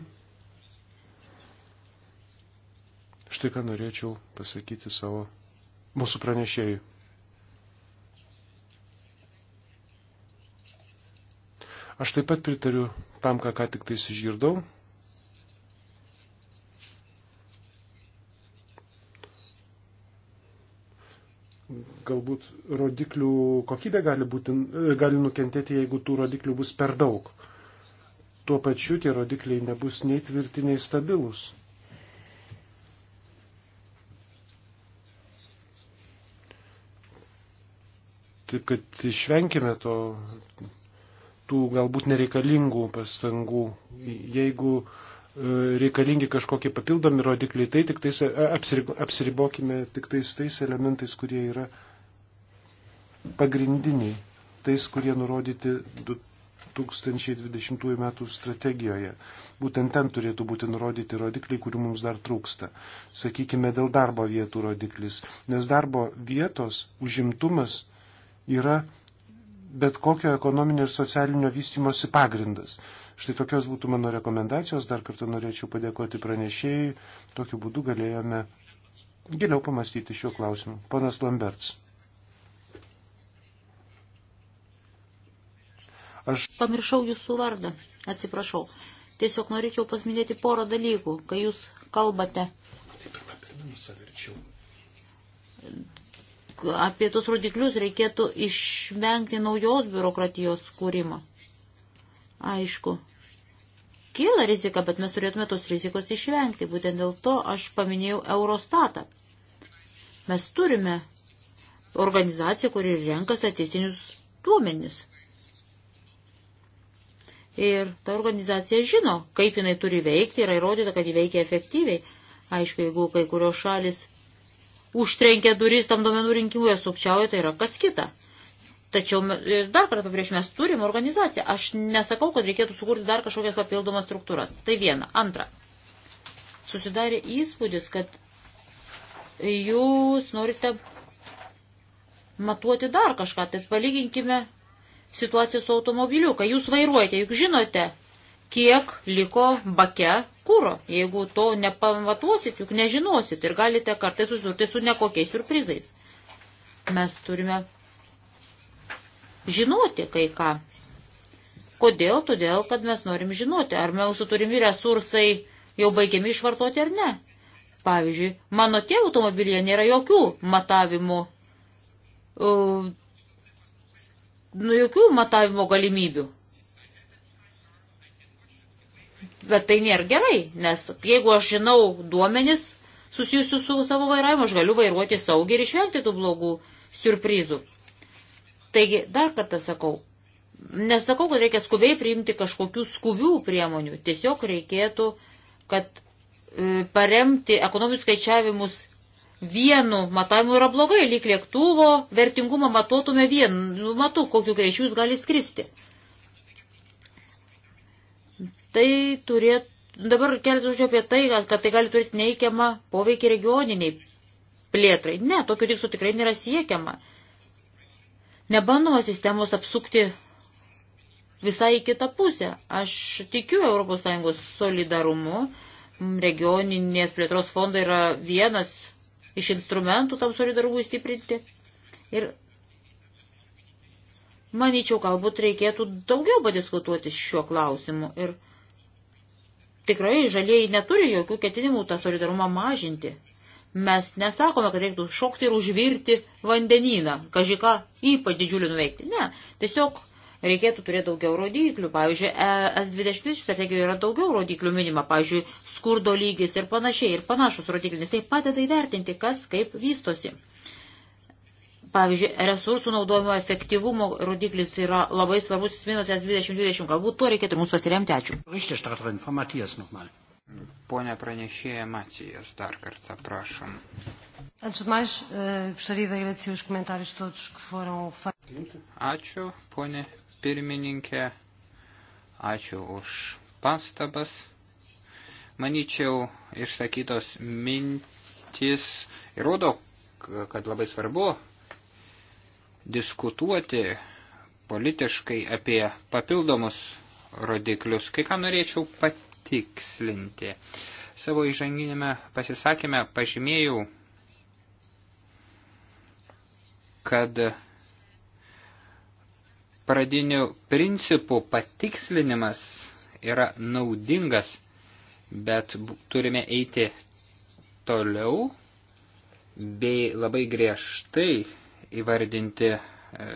Štai ką norėčiau pasakyti savo mūsų pranešėjui. Aš taip pat pritariu tam, ką ką tik tais išgirdau. Galbūt rodiklių kokybė gali, būti, gali nukentėti, jeigu tų rodiklių bus per daug. Tuo pačiu tie rodikliai nebus nei tvirti, nei stabilus. Taip kad išvenkime to tų galbūt nereikalingų pastangų. Jeigu e, reikalingi kažkokie papildomi rodikliai, tai tik tais e, apsiribokime tik tais tais elementais, kurie yra pagrindiniai, tais, kurie nurodyti 2020 m. strategijoje. Būtent ten turėtų būti nurodyti rodikliai, kurių mums dar trūksta. Sakykime, dėl darbo vietų rodiklis. Nes darbo vietos užimtumas yra bet kokio ekonominio ir socialinio vystimosi pagrindas. Štai tokios būtų mano rekomendacijos. Dar kartą norėčiau padėkoti pranešėjai. Tokiu būdu galėjome giliau pamastyti šiuo klausimu. Ponas Lamberts. Aš pamiršau jūsų vardą, atsiprašau. Tiesiog norėčiau pasminėti porą dalykų, kai jūs kalbate. Taip, pirmą pirmą nusavirčiau apie tos rodiklius reikėtų išvengti naujos biurokratijos kūrimo. Aišku, kyla rizika, bet mes turėtume tos rizikos išvengti. Būtent dėl to aš paminėjau Eurostatą. Mes turime organizaciją, kuri renka statistinius duomenis. Ir ta organizacija žino, kaip jinai turi veikti, yra įrodyta, kad ji veikia efektyviai. Aišku, jeigu kai kurios šalis užtrenkia duris tam duomenų rinkimui, sukčiauja, tai yra kas kita. Tačiau ir dar kartą prieš mes turim organizaciją. Aš nesakau, kad reikėtų sukurti dar kažkokias papildomas struktūras. Tai viena. Antra. Susidarė įspūdis, kad jūs norite matuoti dar kažką. Tai palyginkime situaciją su automobiliu. Kai jūs vairuojate, juk žinote, kiek liko bake kūro. Jeigu to nepamatuosit, juk nežinosit ir galite kartais susidurti su nekokiais surprizais. Mes turime žinoti kai ką. Kodėl? Todėl, kad mes norim žinoti, ar mūsų turimi resursai jau baigiami išvartoti ar ne. Pavyzdžiui, mano tėvų automobilyje nėra jokių matavimų, uh, e, nu, jokių matavimo galimybių. Bet tai nėra gerai, nes jeigu aš žinau duomenis susijusius su savo vairavimu, aš galiu vairuoti saugiai ir išvengti tų blogų surprizų. Taigi, dar kartą sakau, nesakau, kad reikia skubiai priimti kažkokių skubių priemonių, tiesiog reikėtų, kad e, paremti ekonominius skaičiavimus vienu matavimu yra blogai, lyg lėktuvo vertingumą matuotume vienu matu, kokiu greičiu jis gali skristi. Tai turėtų, dabar keletas žodžių apie tai, kad tai gali turėti neįkiamą poveikį regioniniai plėtrai. Ne, tokių tikslų tikrai nėra siekiama. Nebandoma sistemos apsukti visai kitą pusę. Aš tikiu ES solidarumu. Regioninės plėtros fondai yra vienas iš instrumentų tam solidarumui stiprinti. Ir manyčiau, galbūt reikėtų daugiau padiskutuoti šiuo klausimu. Ir tikrai žalieji neturi jokių ketinimų tą solidarumą mažinti. Mes nesakome, kad reiktų šokti ir užvirti vandenyną, kažką ypač didžiulį nuveikti. Ne, tiesiog reikėtų turėti daugiau rodiklių. Pavyzdžiui, e S20 strategijoje yra daugiau rodiklių minima, pavyzdžiui, skurdo lygis ir panašiai, ir panašus rodiklis. Tai padeda įvertinti, kas kaip vystosi. Pavyzdžiui, resursų naudojimo efektyvumo rodiklis yra labai svarbus, jis minus S2020. Galbūt tuo reikėtų mums pasiremti. Ačiū. Pone pranešėja Matijas, dar kartą prašom. Eh, Ačiū, ponė pirmininkė. Ačiū už pastabas. Manyčiau, išsakytos mintis įrodo, kad labai svarbu diskutuoti politiškai apie papildomus rodiklius. Kai ką norėčiau patikslinti. Savo įžanginėme pasisakymę pažymėjau, kad pradinių principų patikslinimas yra naudingas, bet turime eiti toliau bei labai griežtai įvardinti e,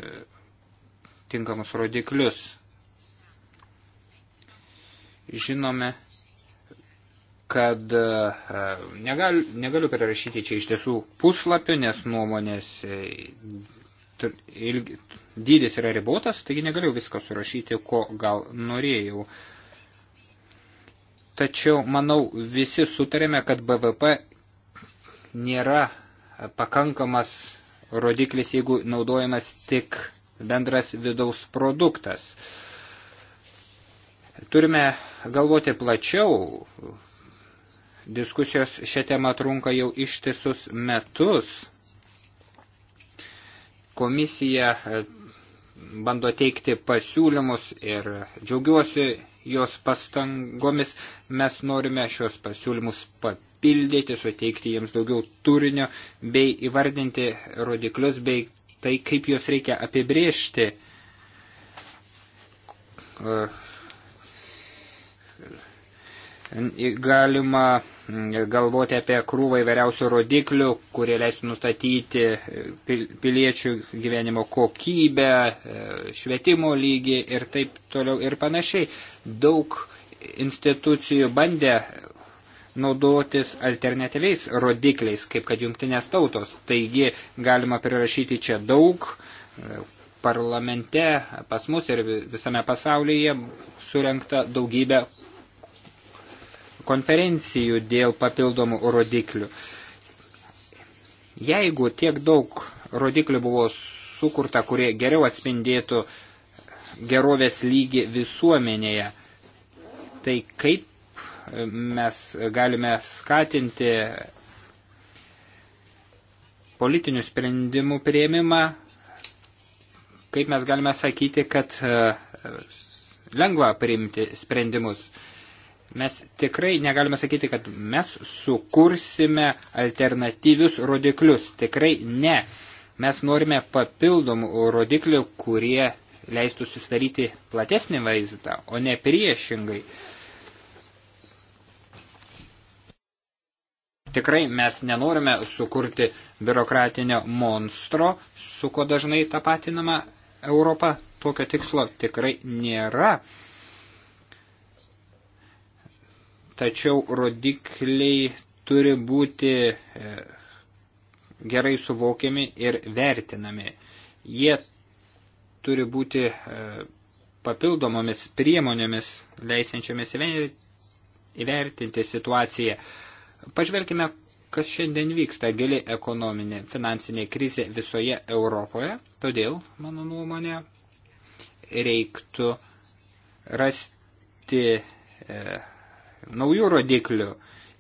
tinkamus rodiklius. Žinome, kad e, negaliu, negaliu prirašyti čia iš tiesų puslapių, nes nuomonės e, ilgi, dydis yra ribotas, taigi negaliu viską surašyti, ko gal norėjau. Tačiau, manau, visi sutarėme, kad BVP nėra pakankamas rodiklis, jeigu naudojamas tik bendras vidaus produktas. Turime galvoti plačiau. Diskusijos šią temą trunka jau ištisus metus. Komisija e, bando teikti pasiūlymus ir džiaugiuosi jos pastangomis. Mes norime šios pasiūlymus papildyti papildyti, suteikti jiems daugiau turinio, bei įvardinti rodiklius, bei tai, kaip juos reikia apibriežti. Galima galvoti apie krūvą įvairiausių rodiklių, kurie leis nustatyti piliečių gyvenimo kokybę, švietimo lygį ir taip toliau ir panašiai. Daug institucijų bandė naudotis alternatyviais rodikliais, kaip kad jungtinės tautos. Taigi galima prirašyti čia daug. E, parlamente pas mus ir visame pasaulyje surenkta daugybė konferencijų dėl papildomų rodiklių. Jeigu tiek daug rodiklių buvo sukurta, kurie geriau atspindėtų gerovės lygį visuomenėje, tai kaip mes galime skatinti politinių sprendimų prieimimą, kaip mes galime sakyti, kad e, lengva priimti sprendimus. Mes tikrai negalime sakyti, kad mes sukursime alternatyvius rodiklius. Tikrai ne. Mes norime papildomų rodiklių, kurie leistų susidaryti platesnį vaizdą, o ne priešingai. Uh, Tikrai mes nenorime sukurti biurokratinio monstro, su ko dažnai tapatinama Europa. Tokio tikslo tikrai nėra. Tačiau rodikliai turi būti e, gerai suvokiami ir vertinami. Jie turi būti e, papildomomis priemonėmis leisiančiomis įvertinti situaciją. Pažvelkime, kas šiandien vyksta gili ekonominė finansinė krizė visoje Europoje, todėl, mano nuomonė, reiktų rasti e, naujų rodiklių.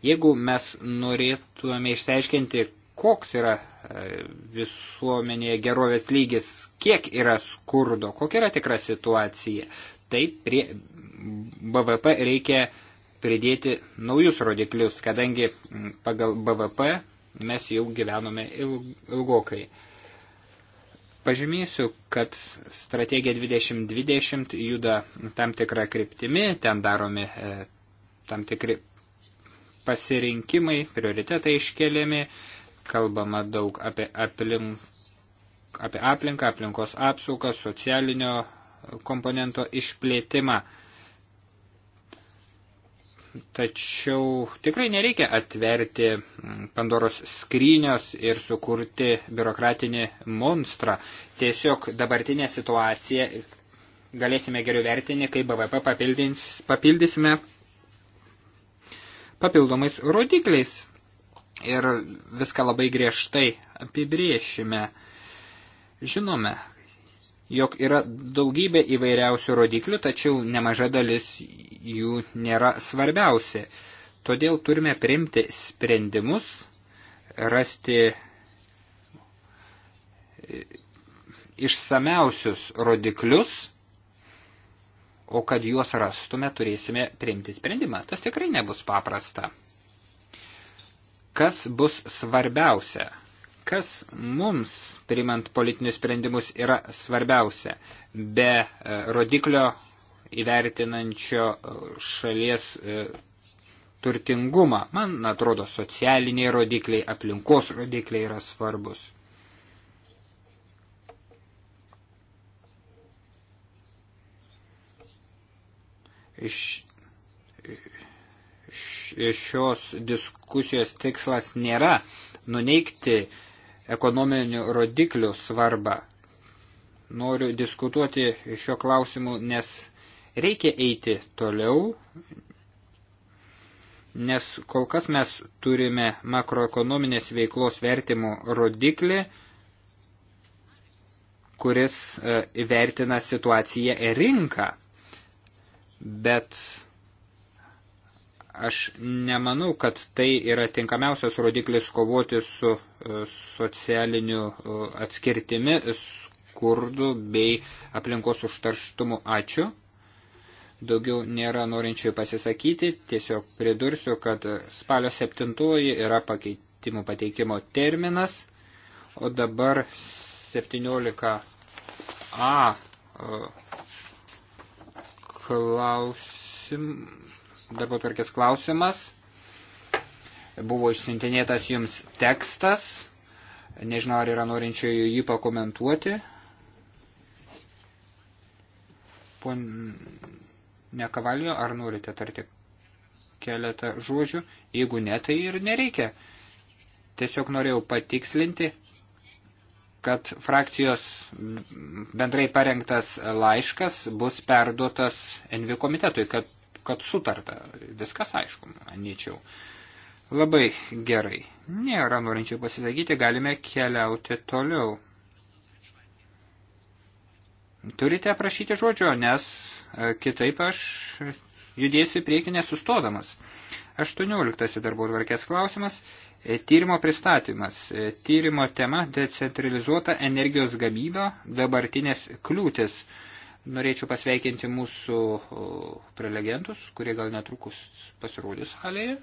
Jeigu mes norėtume išsiaiškinti, koks yra e, visuomenėje gerovės lygis, kiek yra skurdo, kokia yra tikra situacija, tai prie BVP reikia pridėti naujus rodiklius, kadangi mm, pagal BVP mes jau gyvenome ilgokai. Pažymėsiu, kad strategija 2020 juda tam tikrą kryptimį, ten daromi e, tam tikri pasirinkimai, prioritetai iškeliami, kalbama daug apie, aplink, apie aplinką, aplinkos apsaugą, socialinio komponento išplėtimą. Tačiau tikrai nereikia atverti mm, Pandoros skrynios ir sukurti biurokratinį monstrą. Tiesiog dabartinė situacija galėsime geriau vertinti, kai BVP papildysime papildomais rodikliais ir viską labai griežtai apibriešime. Žinome, jog yra daugybė įvairiausių rodiklių, tačiau nemaža dalis jų nėra svarbiausia. Todėl turime priimti sprendimus, rasti e, išsameusius rodiklius, o kad juos rastume, turėsime priimti sprendimą. Tas tikrai nebus paprasta. Kas bus svarbiausia? kas mums, priimant politinius sprendimus, yra svarbiausia. Be e, rodiklio įvertinančio e, šalies e, turtingumą, man atrodo, socialiniai rodikliai, aplinkos rodikliai yra svarbus. Iš, šios diskusijos tikslas nėra nuneikti uh, ekonominių rodiklių svarbą. Noriu diskutuoti šio klausimu, nes reikia eiti toliau, nes kol kas mes turime makroekonominės veiklos vertimo rodiklį, kuris e, įvertina situaciją rinką. Bet Aš nemanau, kad tai yra tinkamiausias rodiklis kovoti su e, socialiniu e, atskirtimi, skurdu bei aplinkos užtarštumu. Ačiū. Daugiau nėra norinčių pasisakyti, tiesiog pridursiu, kad spalio 7 yra pakeitimų pateikimo terminas, o dabar 17a e, klausim darbo tvarkės klausimas. Buvo išsintinėtas jums tekstas. Nežinau, ar yra norinčiųjų jį pakomentuoti. Pone Kavalio, ar norite tarti keletą žodžių? Jeigu ne, tai ir nereikia. Tiesiog norėjau patikslinti, kad frakcijos bendrai parengtas laiškas bus perduotas Envi komitetui, kad kad sutarta. Viskas aišku, manyčiau. Labai gerai. Nėra norinčių pasisakyti, galime keliauti toliau. Turite prašyti žodžio, nes e, kitaip aš judėsiu į priekį nesustodamas. 18 darbo tvarkės klausimas. E, tyrimo pristatymas. E, tyrimo tema decentralizuota energijos gamyba, dabartinės kliūtis. Norėčiau pasveikinti mūsų prelegentus, kurie gal netrukus pasirodys salėje.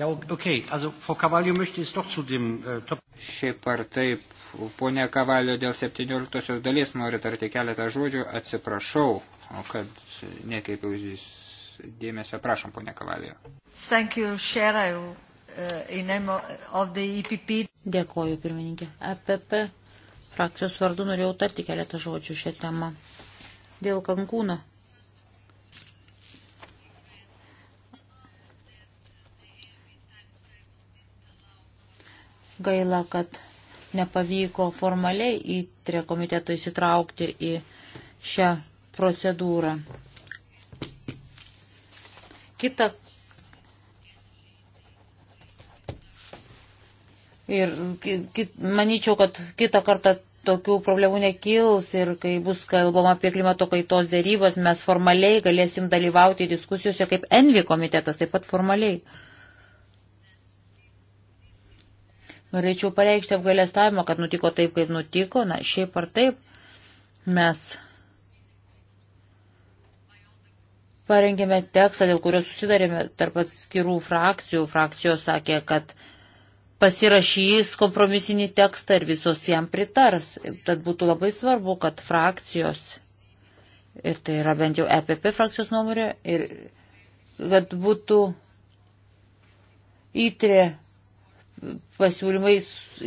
Ja, okay. also, Frau Cavallo möchte es doch zu dem äh, Top. Šiaip ar taip, ponia Cavallo dėl 17 dalies nori tarti keletą žodžių, atsiprašau, kad nekreipiau jūs dėmesio, prašom, ponia Cavallo. Thank you, Sharon, uh, in name of the EPP. Dėkoju, pirmininkė. EPP Frakcijos vardu norėjau tarti keletą žodžių šią temą. Dėl Kankūno. Gaila, kad nepavyko formaliai į tre komitetą įsitraukti į šią procedūrą. Kita Ir kit, manyčiau, kad kitą kartą tokių problemų nekils ir kai bus kalbama apie klimato kaitos dėrybas, mes formaliai galėsim dalyvauti diskusijose kaip Envi komitetas, taip pat formaliai. Norėčiau pareikšti apgailestavimą, kad nutiko taip, kaip nutiko, na, šiaip ar taip, mes parengėme tekstą, dėl kurio susidarėme tarp atskirų frakcijų. Frakcijos sakė, kad uh, pasirašys kompromisinį tekstą ir visos jam pritars. Tad būtų labai svarbu, kad frakcijos, ir tai yra bent jau EPP frakcijos nuomonė, ir kad būtų įtrė pasiūlymai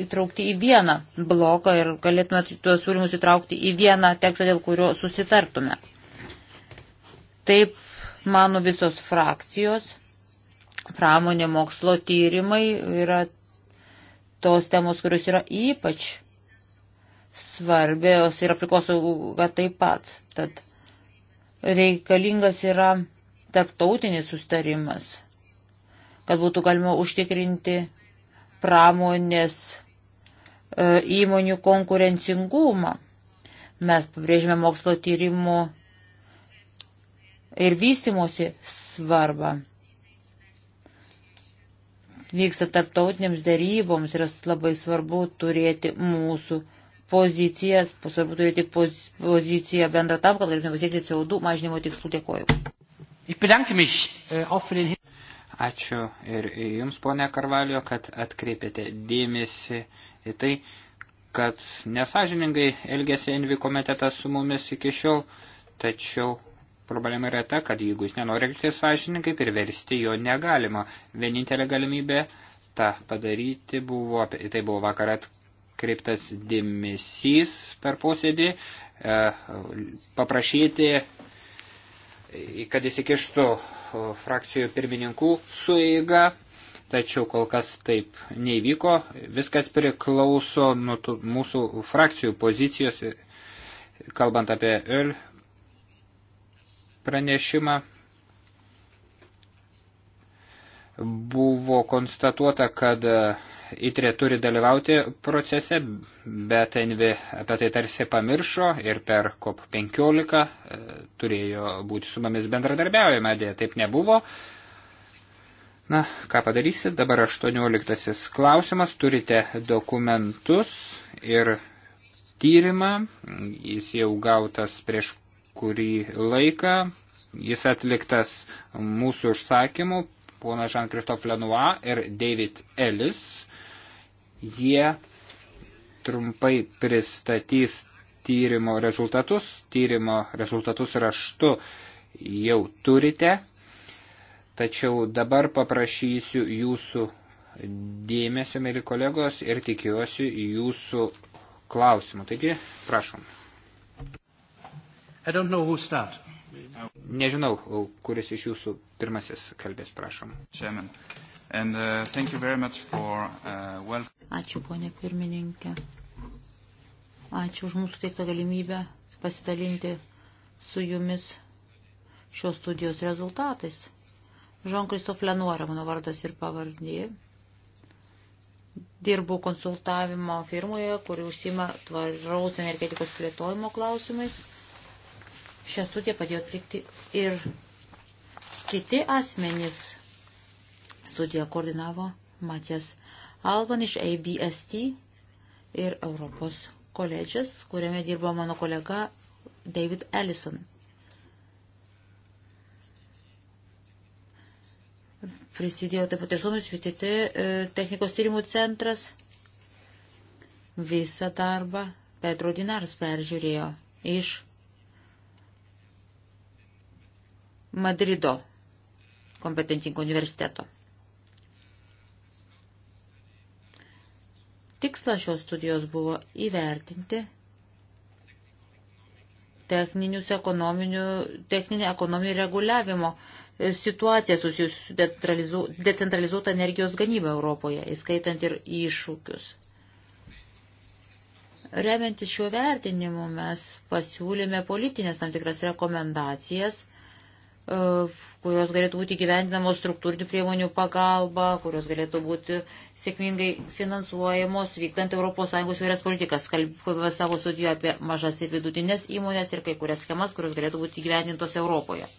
įtraukti į vieną bloką ir galėtume tuos siūlymus įtraukti į vieną tekstą, dėl kurio susitartume. Taip mano visos frakcijos, pramonė mokslo tyrimai yra tos temos, kurios yra ypač svarbios ir aplikosauga taip pat. Tad reikalingas yra tarptautinis sustarimas, kad būtų galima užtikrinti pramonės e, įmonių konkurencingumą. Mes pabrėžime mokslo tyrimų ir vystimosi svarbą vyksta tarptautiniams daryboms, yra labai svarbu turėti mūsų pozicijas, svarbu turėti poz, poziciją bendrą tam, kad galėtume pasiekti CO2 mažinimo tikslų. Dėkoju. Äh, Ačiū ir Jums, ponė Karvalio, kad atkreipėte dėmesį į tai, kad nesažiningai elgėsi Envi komitetas su mumis iki šiol, tačiau Problema yra ta, kad jeigu jis nenori elgtis sąžininkai, priversti jo negalima. Vienintelė galimybė tą padaryti buvo, tai buvo vakar atkreiptas dėmesys per posėdį, e, paprašyti, kad įsikištų e, frakcijų pirmininkų sueiga tačiau kol kas taip neįvyko. Viskas priklauso nuo tų, mūsų frakcijų pozicijos, kalbant apie ÖL pranešimą. Buvo konstatuota, kad ITRE turi dalyvauti procese, bet NV apie tai tarsi pamiršo ir per COP15 e, turėjo būti su mumis bendradarbiaujama, dėja taip nebuvo. Na, ką padarysi, dabar 18 klausimas, turite dokumentus ir tyrimą, jis jau gautas prieš kurį laiką. Jis atliktas mūsų užsakymu, pona Jean-Christophe Lenoir ir David Ellis. Jie trumpai pristatys tyrimo rezultatus. Tyrimo rezultatus raštu jau turite, tačiau dabar paprašysiu jūsų dėmesio, mėly kolegos, ir tikiuosi jūsų klausimų. Taigi, prašom. Nežinau, kuris iš jūsų pirmasis kalbės, prašom. Chairman. And, uh, for, uh, well... Ačiū, ponė pirmininkė. Ačiū už mūsų teiktą galimybę pasidalinti su jumis šios studijos rezultatais. Jean-Christophe Lenoir, mano vardas ir pavardė. Dirbu konsultavimo firmoje, kuri užsima tvaraus energetikos plėtojimo klausimais. Šią studiją padėjo atlikti ir kiti asmenys. Studiją koordinavo Matijas Alban iš ABST ir Europos koledžas, kuriame dirbo mano kolega David Ellison. Prisidėjo taip pat ir Suomijos VTT e, technikos tyrimų centras. Visą darbą Petro Dinaras peržiūrėjo iš Madrido kompetentingo universiteto. Tikslas šios studijos buvo įvertinti techninius ekonominių, techninį ekonominį reguliavimo situaciją susijusiu su decentralizuota energijos gamyba Europoje, įskaitant ir iššūkius. Remiantis šiuo vertinimu mes pasiūlėme politinės tam tikras rekomendacijas E, kurios galėtų būti gyvendinamos struktūrinių priemonių pagalba, kurios galėtų būti sėkmingai finansuojamos, vykdant ES vairias politikas. Kalbėjome savo studijoje apie mažas ir vidutinės įmonės ir kai kurias schemas, kurios galėtų būti gyvendintos Europoje.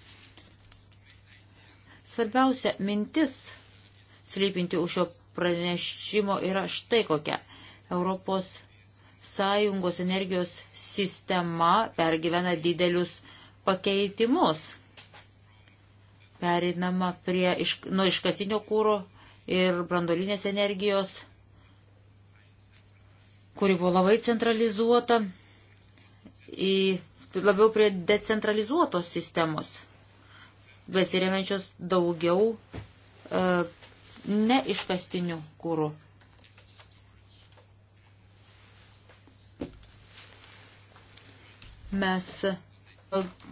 Svarbiausia mintis slypinti už šio pranešimo yra štai kokia. Europos Sąjungos energijos sistema pergyvena didelius pakeitimus perinama prie, iš, nuo iškastinio kūro ir brandolinės energijos, kuri buvo labai centralizuota, į, labiau prie decentralizuotos sistemos, besiremenčios daugiau e, ne iškastinių kūrų. Mes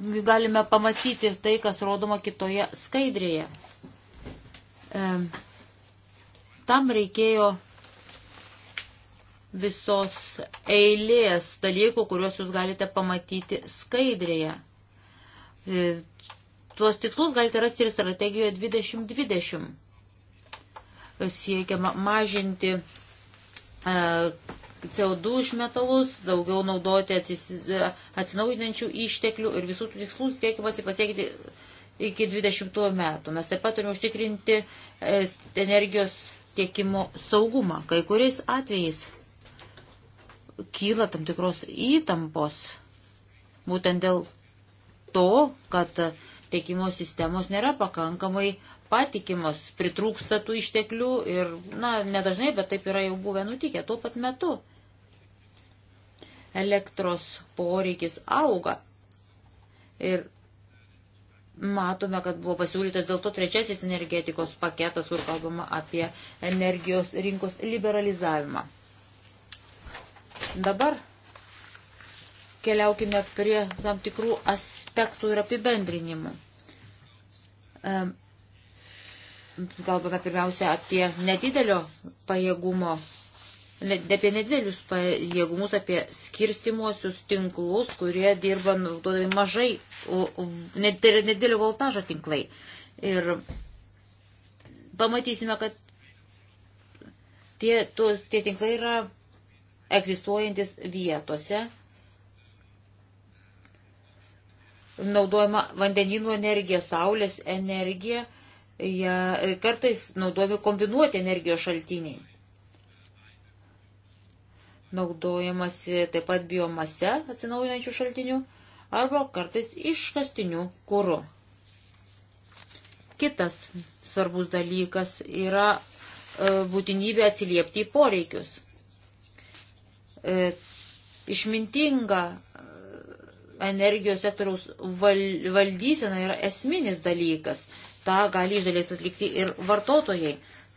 galime pamatyti tai, kas rodoma kitoje skaidrėje. E, tam reikėjo visos eilės dalykų, kuriuos jūs galite pamatyti skaidrėje. E, tuos tikslus galite rasti ir strategijoje 2020. Siekiama mažinti e, CO2 išmetalus, daugiau naudoti e, atsinaujinančių išteklių ir visų tų tikslų siekimasi pasiekti iki 20 metų. Mes taip pat turime užtikrinti e, energijos tiekimo saugumą. Kai kuriais atvejais kyla tam tikros įtampos būtent dėl to, kad tiekimo sistemos nėra pakankamai uh, patikimos, pritrūksta tų išteklių ir, na, nedažnai, bet taip yra jau buvę nutikę tuo pat metu. Elektros poreikis auga. Ir matome, kad buvo pasiūlytas dėl to trečiasis energetikos paketas, kur kalbama apie energijos rinkos liberalizavimą. Dabar keliaukime prie tam tikrų aspektų ir apibendrinimų. Um, kalbame pirmiausia apie nedidelio pajėgumo, ne, apie nedidelius pajėgumus, apie skirstimuosius tinklus, kurie dirba naudodami mažai, tai yra nedidelio voltažo tinklai. Ir pamatysime, kad tie, tu, tie tinklai yra egzistuojantis vietose, naudojama vandeninų energija, saulės energija ja, e, kartais naudojami kombinuoti energijos šaltiniai. Naudojamasi taip pat biomase atsinaujinančių šaltinių arba kartais iškastinių kūrų. Kitas svarbus dalykas yra e, būtinybė atsiliepti į poreikius. E, išmintinga energijos sektoriaus valdysena yra esminis dalykas tą gali iš dalies atlikti ir vartotojai.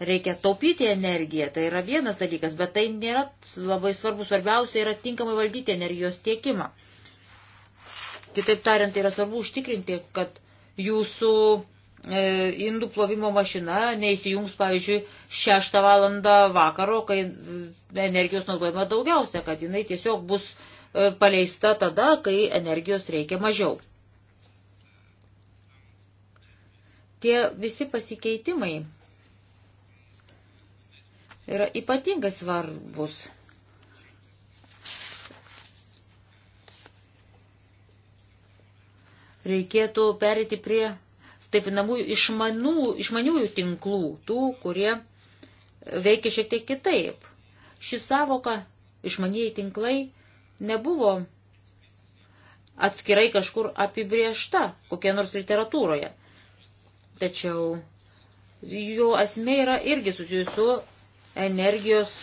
Reikia taupyti energiją, tai yra vienas dalykas, bet tai nėra labai svarbu. Svarbiausia yra tinkamai valdyti energijos tiekimą. Kitaip tariant, tai yra svarbu užtikrinti, kad jūsų e, indų plovimo mašina neįsijungs, pavyzdžiui, 6 valandą vakaro, kai e, energijos naudojama daugiausia, kad jinai tiesiog bus e, paleista tada, kai energijos reikia mažiau. Tie visi pasikeitimai yra ypatingai svarbus. Reikėtų perėti prie taip vadinamųjų išmanų, išmaniųjų tinklų, tų, kurie veikia šiek tiek kitaip. Ši savoka išmanieji tinklai nebuvo atskirai kažkur apibriešta kokie nors literatūroje tačiau jų esmė yra irgi susijusi su energijos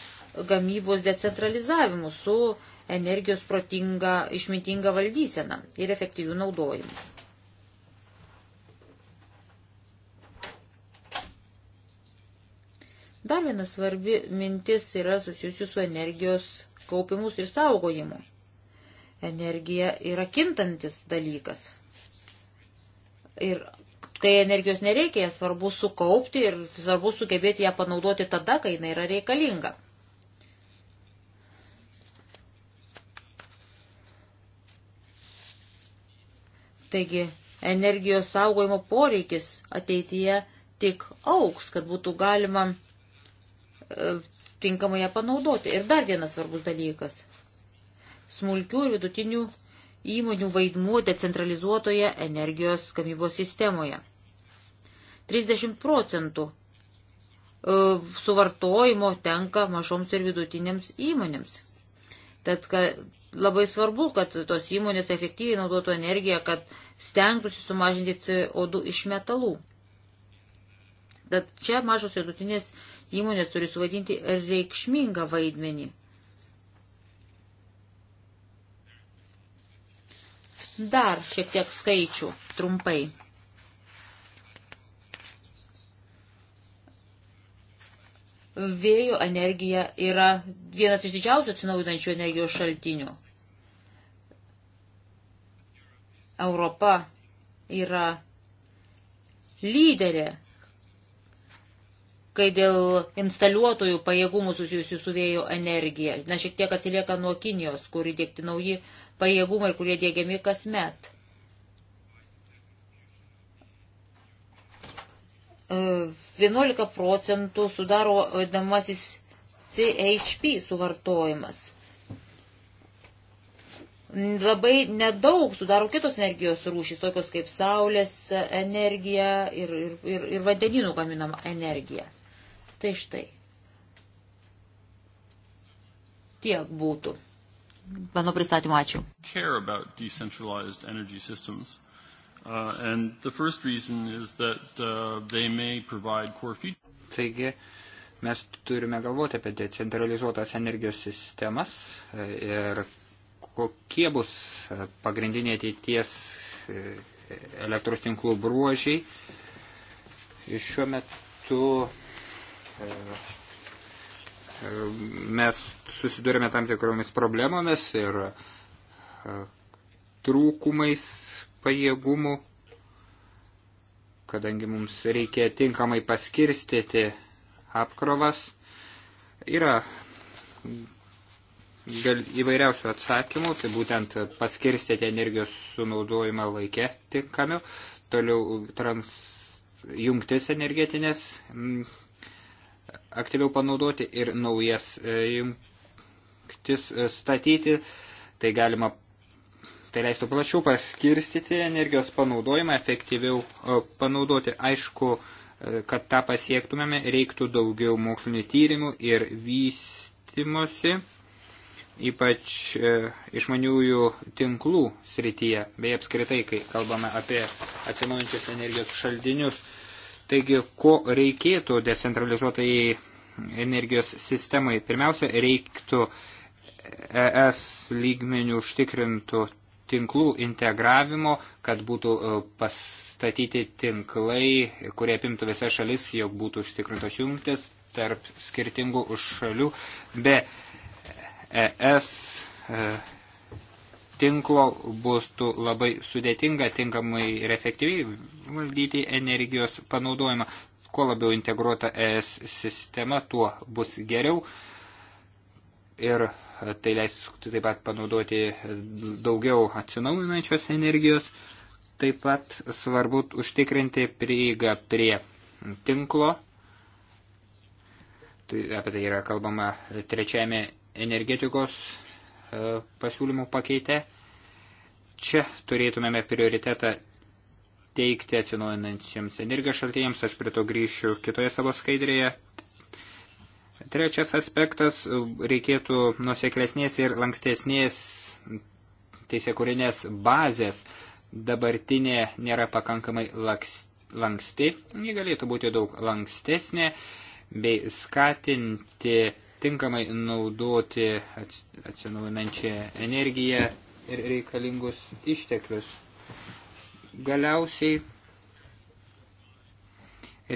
gamybos decentralizavimu, su energijos protinga, išmintinga valdysena ir efektyvių naudojimu. Dar viena svarbi mintis yra susijusi su energijos kaupimus ir saugojimu. Energija yra kintantis dalykas. Ir kai energijos nereikia, ją svarbu sukaupti ir svarbu sugebėti ją panaudoti tada, kai jinai yra reikalinga. Taigi energijos saugojimo poreikis ateityje tik auks, kad būtų galima e, tinkamai ją panaudoti. Ir dar vienas svarbus dalykas - smulkių ir vidutinių įmonių vaidmuo decentralizuotoje energijos gamybos sistemoje. 30 procentų e, suvartojimo tenka mažoms ir vidutinėms įmonėms. Tad labai svarbu, kad tos įmonės efektyviai naudotų energiją, kad stengtųsi sumažinti CO2 iš metalų. Tad čia mažos ir vidutinės įmonės turi suvaidinti reikšmingą vaidmenį. Dar šiek tiek skaičių trumpai. vėjo energija yra vienas iš didžiausių atsinaujinančių energijos šaltinių. Europa yra lyderė, kai dėl instaliuotojų pajėgumų susijusių su vėjo energija. Na, šiek tiek atsilieka nuo Kinijos, kuri dėkti nauji pajėgumai, kurie dėgiami kasmet. Uh. 11 procentų sudaro vadinamasis CHP suvartojimas. Labai nedaug sudaro kitos energijos rūšys, tokios kaip saulės energija ir, ir, ir, ir vandeninų gaminama energija. Tai štai. Tiek būtų. Mano pristatymu, ačiū. Care about decentralized energy systems. Uh, and the first reason is that uh, they may provide core feed. Taigi, mes turime galvoti apie decentralizuotas energijos sistemas e, ir kokie bus e, pagrindiniai ateities e, elektros tinklų bruožiai. Šiuo metu mes susidurime tam tikromis problemomis ir trūkumais pajėgumų, kadangi mums reikia tinkamai paskirstyti apkrovas. Yra gal, įvairiausių atsakymų, tai būtent paskirstyti energijos sunaudojimą laikę tinkamiu, toliau trans, jungtis energetinės m, aktyviau panaudoti ir naujas e, jungtis e, statyti, tai galima Tai leistų plačiau paskirstyti energijos panaudojimą, efektyviau e, panaudoti. Aišku, e, kad tą pasiektumėme, reiktų daugiau mokslinių tyrimų ir vystimosi, ypač e, išmaniųjų tinklų srityje, bei apskritai, kai kalbame apie atsinaujančius energijos šaltinius. Taigi, ko reikėtų decentralizuotai energijos sistemai? Pirmiausia, reiktų ES lygmenių užtikrintų tinklų integravimo, kad būtų e, pastatyti tinklai, kurie apimtų visą šalis, jog būtų užtikrintos jungtis tarp skirtingų už šalių. Be ES e, tinklo bus labai sudėtinga tinkamai ir efektyviai valdyti energijos panaudojimą. Kuo labiau integruota ES sistema, tuo bus geriau. Ir tai leis taip pat panaudoti daugiau atsinaujinančios energijos, taip pat svarbu užtikrinti prieigą prie tinklo, tai apie tai yra kalbama trečiame energetikos e, pasiūlymų pakeite. Čia turėtumėme prioritetą teikti atsinaujinančiams energijos šaltiniams, aš prie to grįšiu kitoje savo skaidrėje. Trečias aspektas - reikėtų nuseklesnės ir lankstesnės teisėkūrinės bazės. Dabartinė nėra pakankamai lanksti, ji galėtų būti daug lankstesnė bei skatinti tinkamai naudoti atsinaujinančią energiją ir reikalingus išteklius. Galiausiai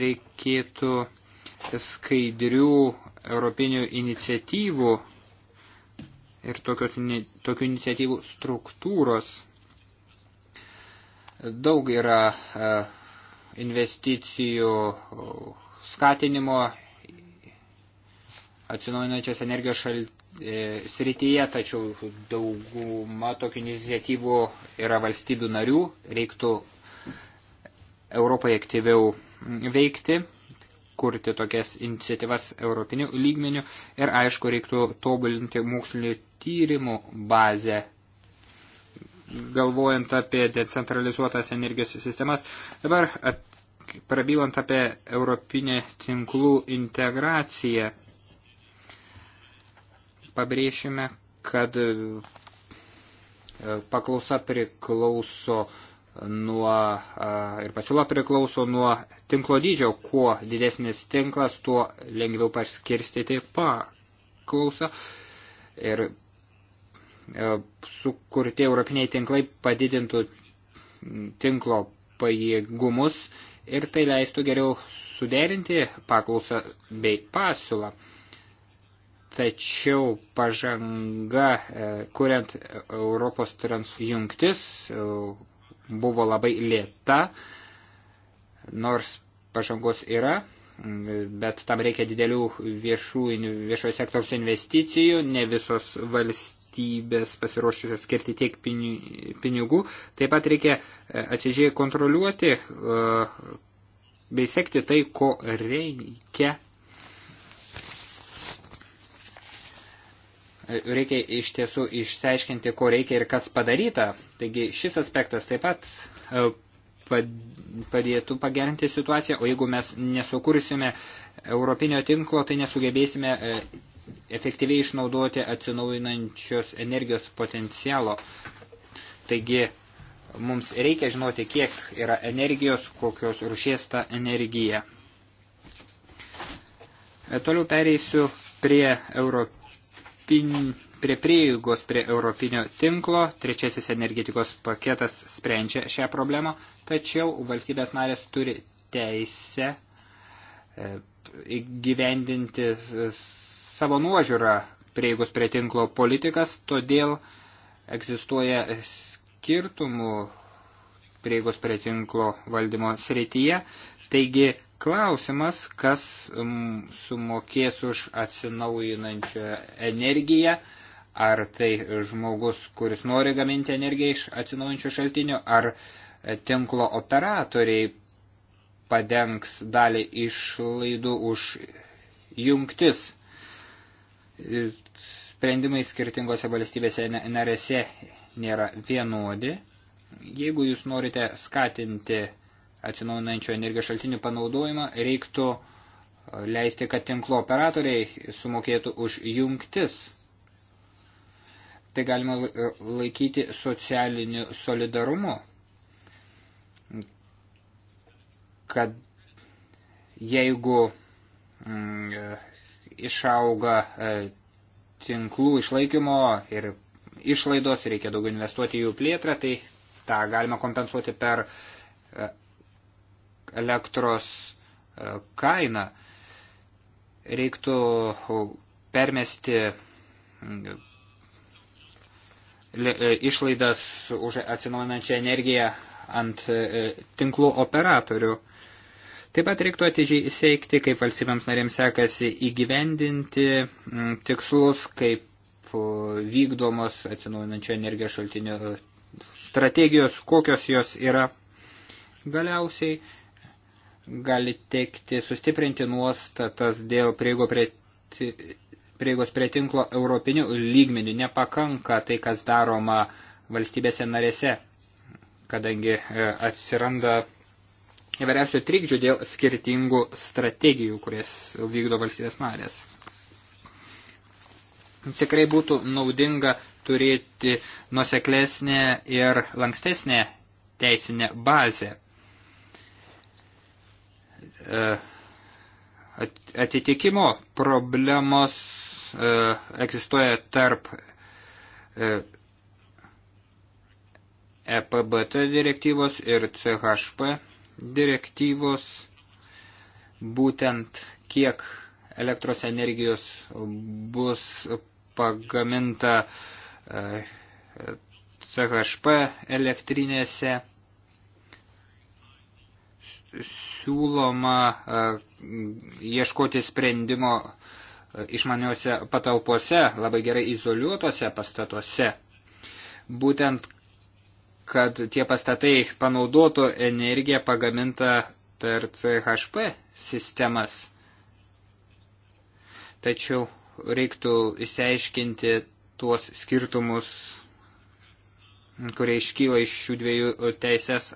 reikėtų skaidrių europinių iniciatyvų ir tokios, tokių iniciatyvų struktūros. Daug yra e, investicijų skatinimo atsinaujinančios energijos šal, e, srityje, tačiau dauguma tokių iniciatyvų yra valstybių narių, reiktų Europai aktyviau veikti kurti tokias iniciatyvas europinių lygmenių ir aišku reiktų tobulinti mokslinio tyrimų bazę. Galvojant apie decentralizuotas energijos sistemas, dabar prabylant apie europinę tinklų integraciją, pabrėšime, kad e, paklausa priklauso uh, nuo, ir pasiūla priklauso nuo tinklo dydžio. Kuo didesnis tinklas, tuo lengviau paskirstyti paklausą. Ir sukurti europiniai tinklai padidintų tinklo pajėgumus ir tai leistų geriau suderinti paklausą bei pasiūlą. Tačiau pažanga, e, kuriant Europos transjungtis, e, buvo labai lėta, nors pažangos yra, bet tam reikia didelių viešų, viešojo sektoriaus investicijų, ne visos valstybės pasiruošusios skirti tiek pinigų. Taip pat reikia e, atsidžiai kontroliuoti e, bei sekti tai, ko reikia reikia iš tiesų išsiaiškinti, ko reikia ir kas padaryta. Taigi šis aspektas taip pat e, padėtų pagerinti situaciją, o jeigu mes nesukursime europinio tinklo, tai nesugebėsime e, efektyviai išnaudoti atsinaujinančios energijos potencialo. Taigi mums reikia žinoti, kiek yra energijos, kokios rušies ta energija. E, toliau pereisiu prie europinio europin, prie prieigos prie europinio tinklo, trečiasis energetikos paketas sprendžia šią problemą, tačiau valstybės narės turi teisę e, gyvendinti savo nuožiūrą prieigos prie tinklo politikas, todėl egzistuoja skirtumų prieigos prie tinklo valdymo srityje. Taigi Klausimas, kas sumokės už atsinaujinančią energiją, ar tai žmogus, kuris nori gaminti energiją iš atsinaujančių šaltinių, ar tinklo operatoriai padengs dalį išlaidų už jungtis. Sprendimai skirtingose valstybėse narėse nėra vienodi. Jeigu jūs norite skatinti atsinaujinančio energijos šaltinių panaudojimą, reiktų e, leisti, kad tinklo operatoriai sumokėtų už jungtis. Tai galima e, laikyti socialiniu solidarumu, kad jeigu mm, e, išauga e, tinklų išlaikymo ir išlaidos, reikia daugiau investuoti jų plėtrą, tai tą galima kompensuoti per elektros e, kainą. Reiktų permesti e, išlaidas už atsinaujinančią energiją ant e, tinklų operatorių. Taip pat reiktų atidžiai įseikti, kaip valstybėms narėms sekasi įgyvendinti tikslus, kaip vykdomos atsinaujinančio energijos šaltinio strategijos, kokios jos yra. Galiausiai gali tekti sustiprinti nuostatas dėl prieigo prie, prieigos prie tinklo europinių lygmenių. Nepakanka tai, kas daroma valstybėse narėse, kadangi e, atsiranda įvairiausių trikdžių dėl skirtingų strategijų, kurias vykdo valstybės narės. Tikrai būtų naudinga turėti nuseklesnę ir lankstesnę teisinę bazę E, atitikimo problemos e, egzistuoja tarp EPBT e direktyvos ir CHP direktyvos būtent kiek elektros energijos bus pagaminta CHP elektrinėse siūloma e, ieškoti sprendimo e, išmaniuose patalpose, labai gerai izoliuotose pastatuose. Būtent, kad tie pastatai panaudotų energiją pagamintą per CHP sistemas. Tačiau reiktų įsiaiškinti tuos skirtumus, kurie iškyla iš šių dviejų teisės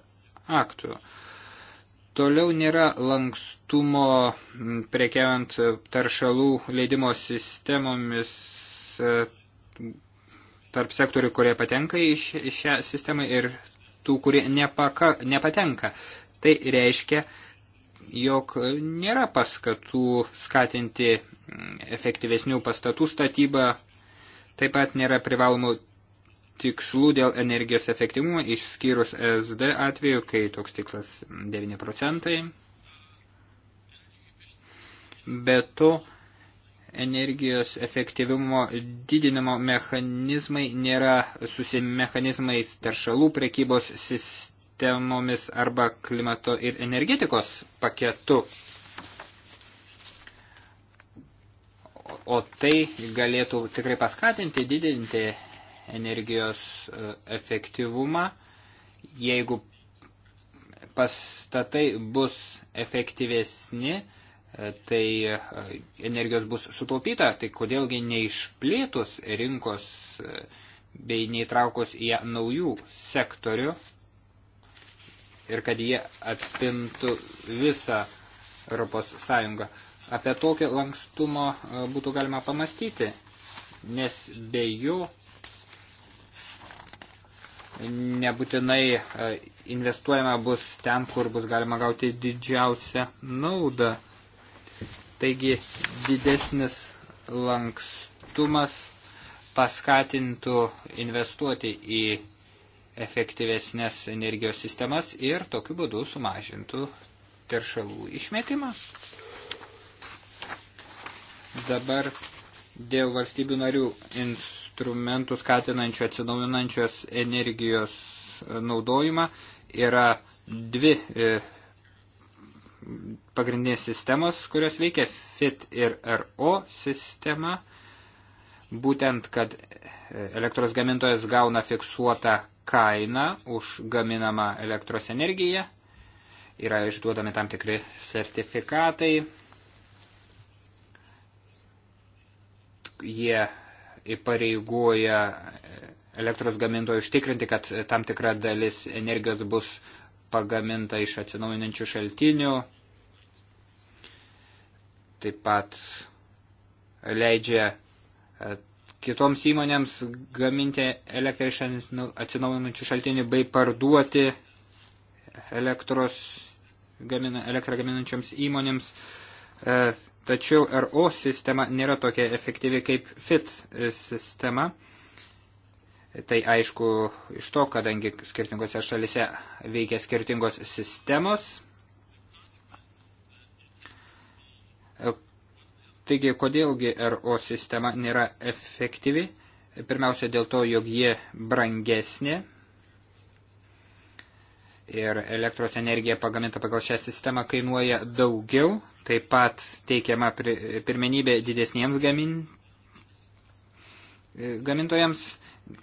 aktų. Uh, Toliau nėra lankstumo prekiaujant taršalų leidimo sistemomis e, tarp sektorių, kurie patenka į šią sistemą ir tų, kurie nepaka, nepatenka. Tai reiškia, jog nėra paskatų skatinti efektyvesnių pastatų statybą, taip pat nėra privalomų tikslų dėl energijos efektyvumo, išskyrus SD atveju, kai toks tikslas 9 procentai. Be to, energijos efektyvumo didinimo mechanizmai nėra susimechanizmais taršalų prekybos sistemomis arba klimato ir energetikos paketu. O tai galėtų tikrai paskatinti didinti energijos e, efektyvumą. Jeigu pastatai bus efektyvesni, e, tai e, energijos bus sutaupyta, tai kodėlgi neišplėtus rinkos bei neįtraukus į ją naujų sektorių ir kad jie apimtų visą Europos Sąjungą. Apie tokį lankstumą būtų galima pamastyti, nes be jo nebūtinai e, investuojama bus ten, kur bus galima gauti didžiausią naudą. Taigi didesnis lankstumas paskatintų investuoti į efektyvesnės energijos sistemas ir tokiu būdu sumažintų teršalų išmetimą. Dabar dėl valstybių narių instrumentų instrumentų skatinančių atsinaujinančios energijos e, naudojimą yra dvi e, pagrindinės sistemos, kurios veikia FIT ir RO sistema. Būtent, kad e, elektros gamintojas gauna fiksuotą kainą už gaminamą elektros energiją, yra išduodami tam tikri sertifikatai, jie įpareigoja elektros gamintojų užtikrinti, kad tam tikra dalis energijos bus pagaminta iš atsinaujinančių šaltinių. Taip pat leidžia e, kitoms įmonėms gaminti elektrą iš atsinaujinančių šaltinių bei parduoti elektros gamina, elektrą gaminančioms įmonėms. E, Tačiau RO sistema nėra tokia efektyvi kaip FIT sistema. Tai aišku iš to, kadangi skirtingose šalise veikia skirtingos sistemos. Taigi, kodėlgi RO sistema nėra efektyvi? Pirmiausia, dėl to, jog jie brangesnė ir elektros energija pagaminta pagal šią sistemą kainuoja daugiau, taip pat teikiama pirmenybė didesniems gamin... gamintojams,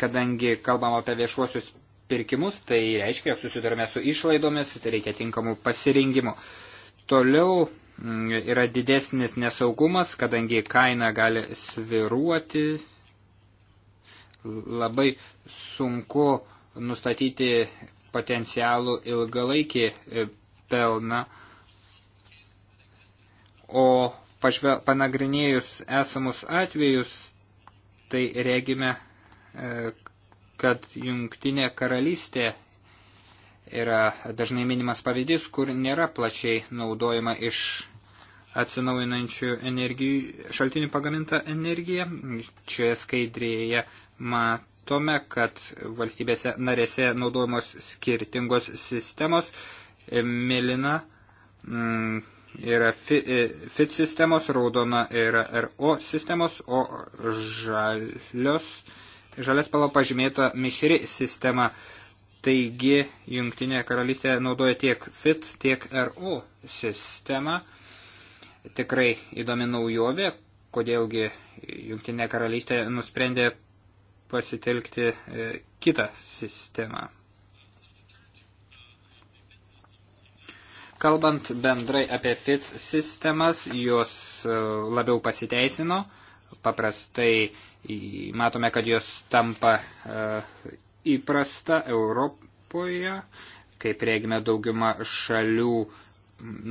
kadangi kalbam apie viešuosius pirkimus, tai reiškia, jog susidurime su išlaidomis, tai reikia tinkamų pasirinkimų. Toliau mm, yra didesnis nesaugumas, kadangi kaina gali sviruoti, labai sunku nustatyti potencialų ilgalaikį e, pelną, o pažve, panagrinėjus esamus atvejus, tai regime, e, kad jungtinė karalystė yra dažnai minimas pavyzdys, kur nėra plačiai naudojama iš atsinaujinančių energijų, šaltinių pagaminta energija. Čia skaidrėje mat, matome, kad valstybėse narėse naudojamos skirtingos sistemos. Melina mm, yra FIT e, sistemos, raudona yra RO sistemos, o žalios, žalias spalva pažymėta mišri sistema. Taigi Jungtinė karalystė naudoja tiek FIT, tiek RO sistemą. Tikrai įdomi naujovė, kodėlgi Jungtinė karalystė nusprendė pasitelkti e, kitą sistemą. Kalbant bendrai apie FIT sistemas, jos e, labiau pasiteisino. Paprastai matome, kad jos tampa e, įprasta Europoje, kaip regime dauguma šalių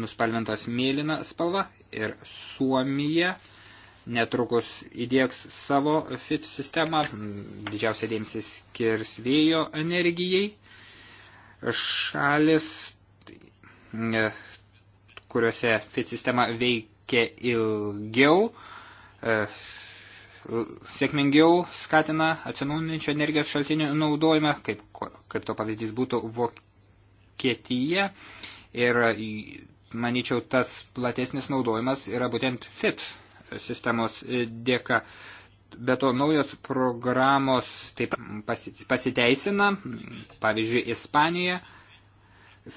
nuspalvintas mėlyna spalva ir Suomija. Uh, netrukus įdėks savo FIT sistemą, didžiausia dėmesį skirs vėjo energijai. Šalis, e, kuriuose FIT sistema veikia ilgiau, e, sėkmingiau skatina atsinaujinančio energijos šaltinių naudojimą, kaip, kaip to pavyzdys būtų Vokietija. Ir manyčiau, tas platesnis naudojimas yra būtent FIT sistemos dėka. Be to naujos programos taip pasiteisina, pavyzdžiui, Ispanija,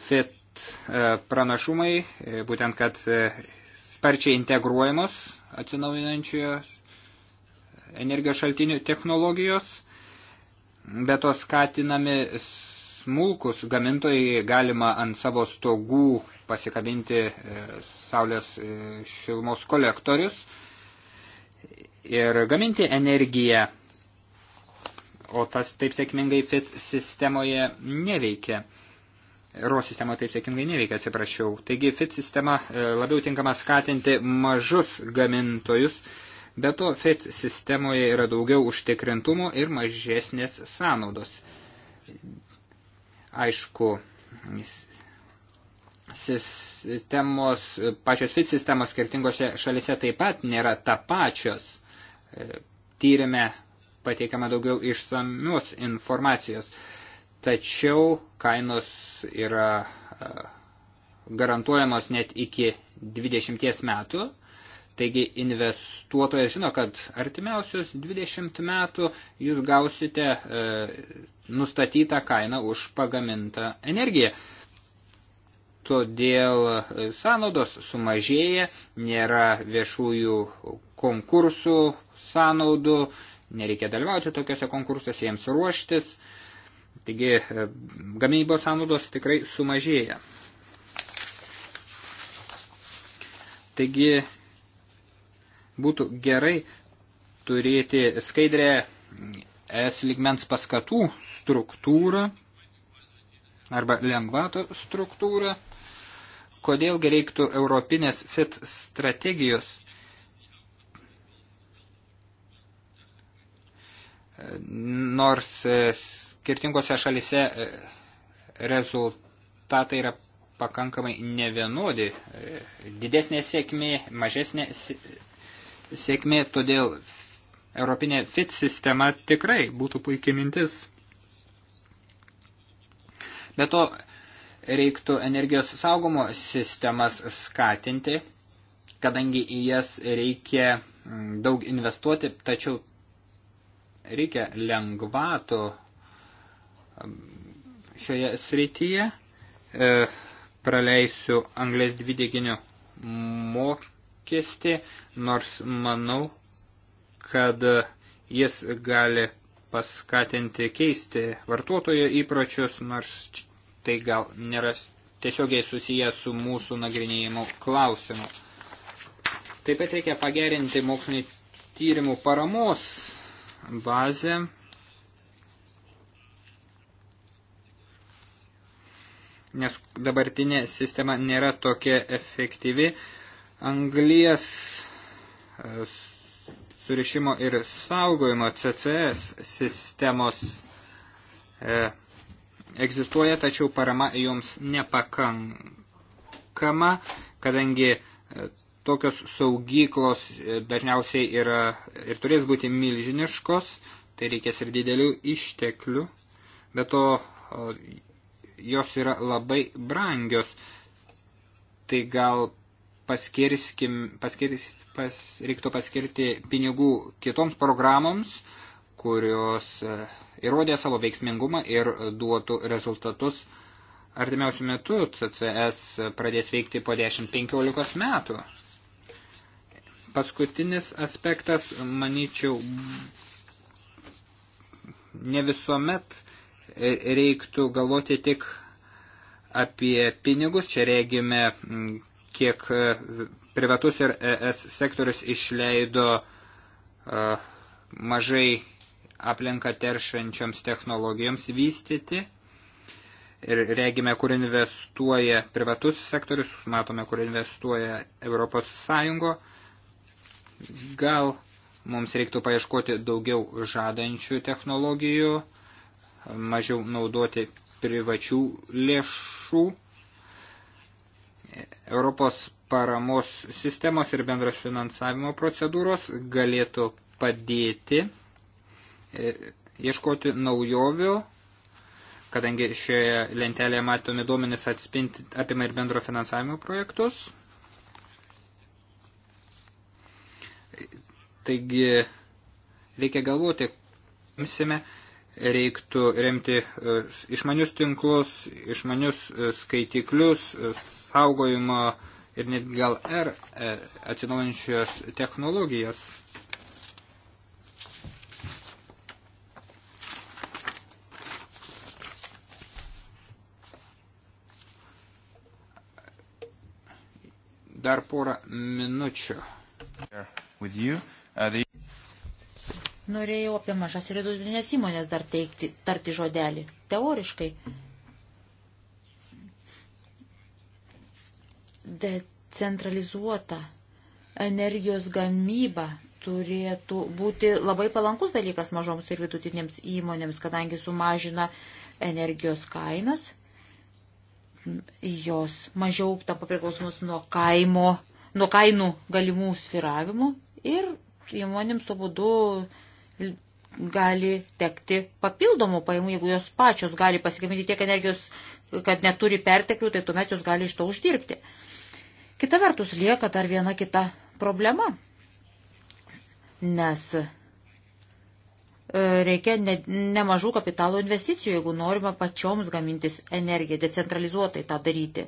FIT e e, pranašumai, e, būtent kad sparčiai integruojamos atsinaujinančiojo energijos šaltinių technologijos, bet to skatinami smulkus gamintojai galima ant savo stogų pasikabinti saulės šilumos kolektorius, ir gaminti energiją, o tas taip sėkmingai FIT sistemoje neveikia. RO sistema taip sėkmingai neveikia, atsiprašiau. Taigi FIT sistema e, labiau tinkama skatinti mažus gamintojus, bet to FIT sistemoje yra daugiau užtikrintumo ir mažesnės sąnaudos. Aišku, sistemos, pačios fit sistemos skirtingose šalise taip pat nėra tapačios. E, tyrime pateikiama daugiau išsamios informacijos, tačiau kainos yra e, garantuojamos net iki 20 metų. Taigi investuotojas žino, kad artimiausius 20 metų jūs gausite e, nustatytą kainą už pagamintą energiją todėl sąnaudos sumažėja, nėra viešųjų konkursų sąnaudų, nereikia dalyvauti tokiuose konkursuose, jiems ruoštis. Taigi e, gamybos sąnaudos tikrai sumažėja. Taigi būtų gerai turėti skaidrę es lygmens paskatų struktūrą arba lengvato struktūrą. Kodėlgi reiktų europinės FIT strategijos? Nors e, skirtingose šalise e, rezultatai yra pakankamai nevienodi. E, didesnė sėkmė, mažesnė sėkmė, todėl Europinė FIT sistema tikrai būtų puikia mintis. Be to, reiktų energijos saugumo sistemas skatinti, kadangi į jas reikia mm, daug investuoti, tačiau reikia lengvatų mm, šioje srityje. E, praleisiu anglės dvideginio mokestį, nors manau, kad jis gali paskatinti keisti vartotojo įpročius, nors tai gal nėra tiesiogiai susiję su mūsų nagrinėjimu klausimu. Taip pat reikia pagerinti mokslinį tyrimų paramos bazę. Nes dabartinė sistema nėra tokia efektyvi. Anglijas e, surišimo ir saugojimo CCS sistemos e, egzistuoja, tačiau parama joms nepakankama, kadangi e, tokios saugyklos e, dažniausiai yra ir turės būti milžiniškos, tai reikės ir didelių išteklių, bet to jos yra labai brangios. Tai gal paskirskim, paskirs, pas, reiktų paskirti pinigų kitoms programoms, kurios e, įrodė savo veiksmingumą ir e, duotų rezultatus. Artimiausių metų CCS pradės veikti po 10-15 metų. Paskutinis aspektas, manyčiau, ne visuomet e, reiktų galvoti tik apie pinigus. Čia regime, kiek privatus ir ES sektorius išleido mažai aplinką teršvenčioms technologijoms vystyti. Ir regime, kur investuoja privatus sektorius, matome, kur investuoja Europos Sąjungo. Gal mums reiktų paieškoti daugiau žadančių technologijų, mažiau naudoti privačių lėšų. Europos paramos sistemos ir bendros finansavimo procedūros galėtų padėti E, ieškoti naujovių, kadangi šioje lentelėje matomi duomenys atspinti apima ir bendro finansavimo projektus. Taigi reikia galvoti, misime, reiktų remti e, išmanius tinklus, išmanius e, skaitiklius, saugojimo ir net gal R atsinaujinčios technologijas. Dar porą minučių. Uh, Norėjau apie mažas ir vidutinės įmonės dar teikti, tarti žodelį. Teoriškai. Decentralizuota energijos gamyba turėtų būti labai palankus dalykas mažoms ir vidutinėms įmonėms, kadangi sumažina energijos kainas jos mažiau tampa priklausomos nuo kaimo, nuo kainų galimų sviravimų ir įmonėms tuo būdu gali tekti papildomų pajamų, jeigu jos pačios gali pasigaminti tiek energijos, kad neturi perteklių, tai tuomet jos gali iš to uždirbti. Kita vertus lieka dar viena kita problema, nes E, reikia ne, nemažų kapitalo investicijų, jeigu norima pačioms gamintis energiją, decentralizuotai tą daryti.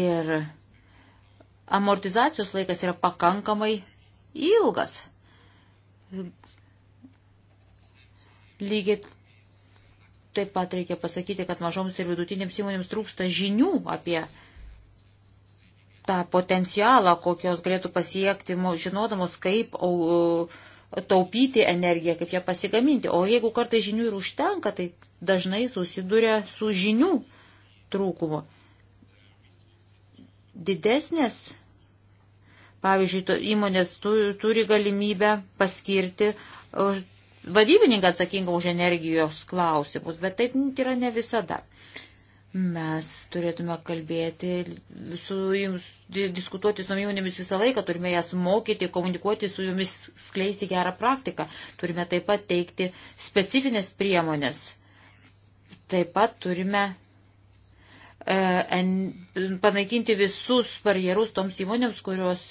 Ir amortizacijos laikas yra pakankamai ilgas. Lygiai taip pat reikia pasakyti, kad mažoms ir vidutinėms įmonėms trūksta žinių apie tą potencialą, kokios galėtų pasiekti, žinodamos, kaip o, o, taupyti energiją, kaip ją pasigaminti. O jeigu kartai žinių ir užtenka, tai dažnai susiduria su žinių trūkumu. Didesnės, pavyzdžiui, įmonės turi galimybę paskirti vadybininką atsakingą už energijos klausimus, bet taip yra ne visada. Mes turėtume kalbėti su jums, diskutuoti su jaunimis visą laiką, turime jas mokyti, komunikuoti su jumis, skleisti gerą praktiką. Turime taip pat teikti specifines priemonės. Taip pat turime e, en, panaikinti visus barjerus toms įmonėms, kurios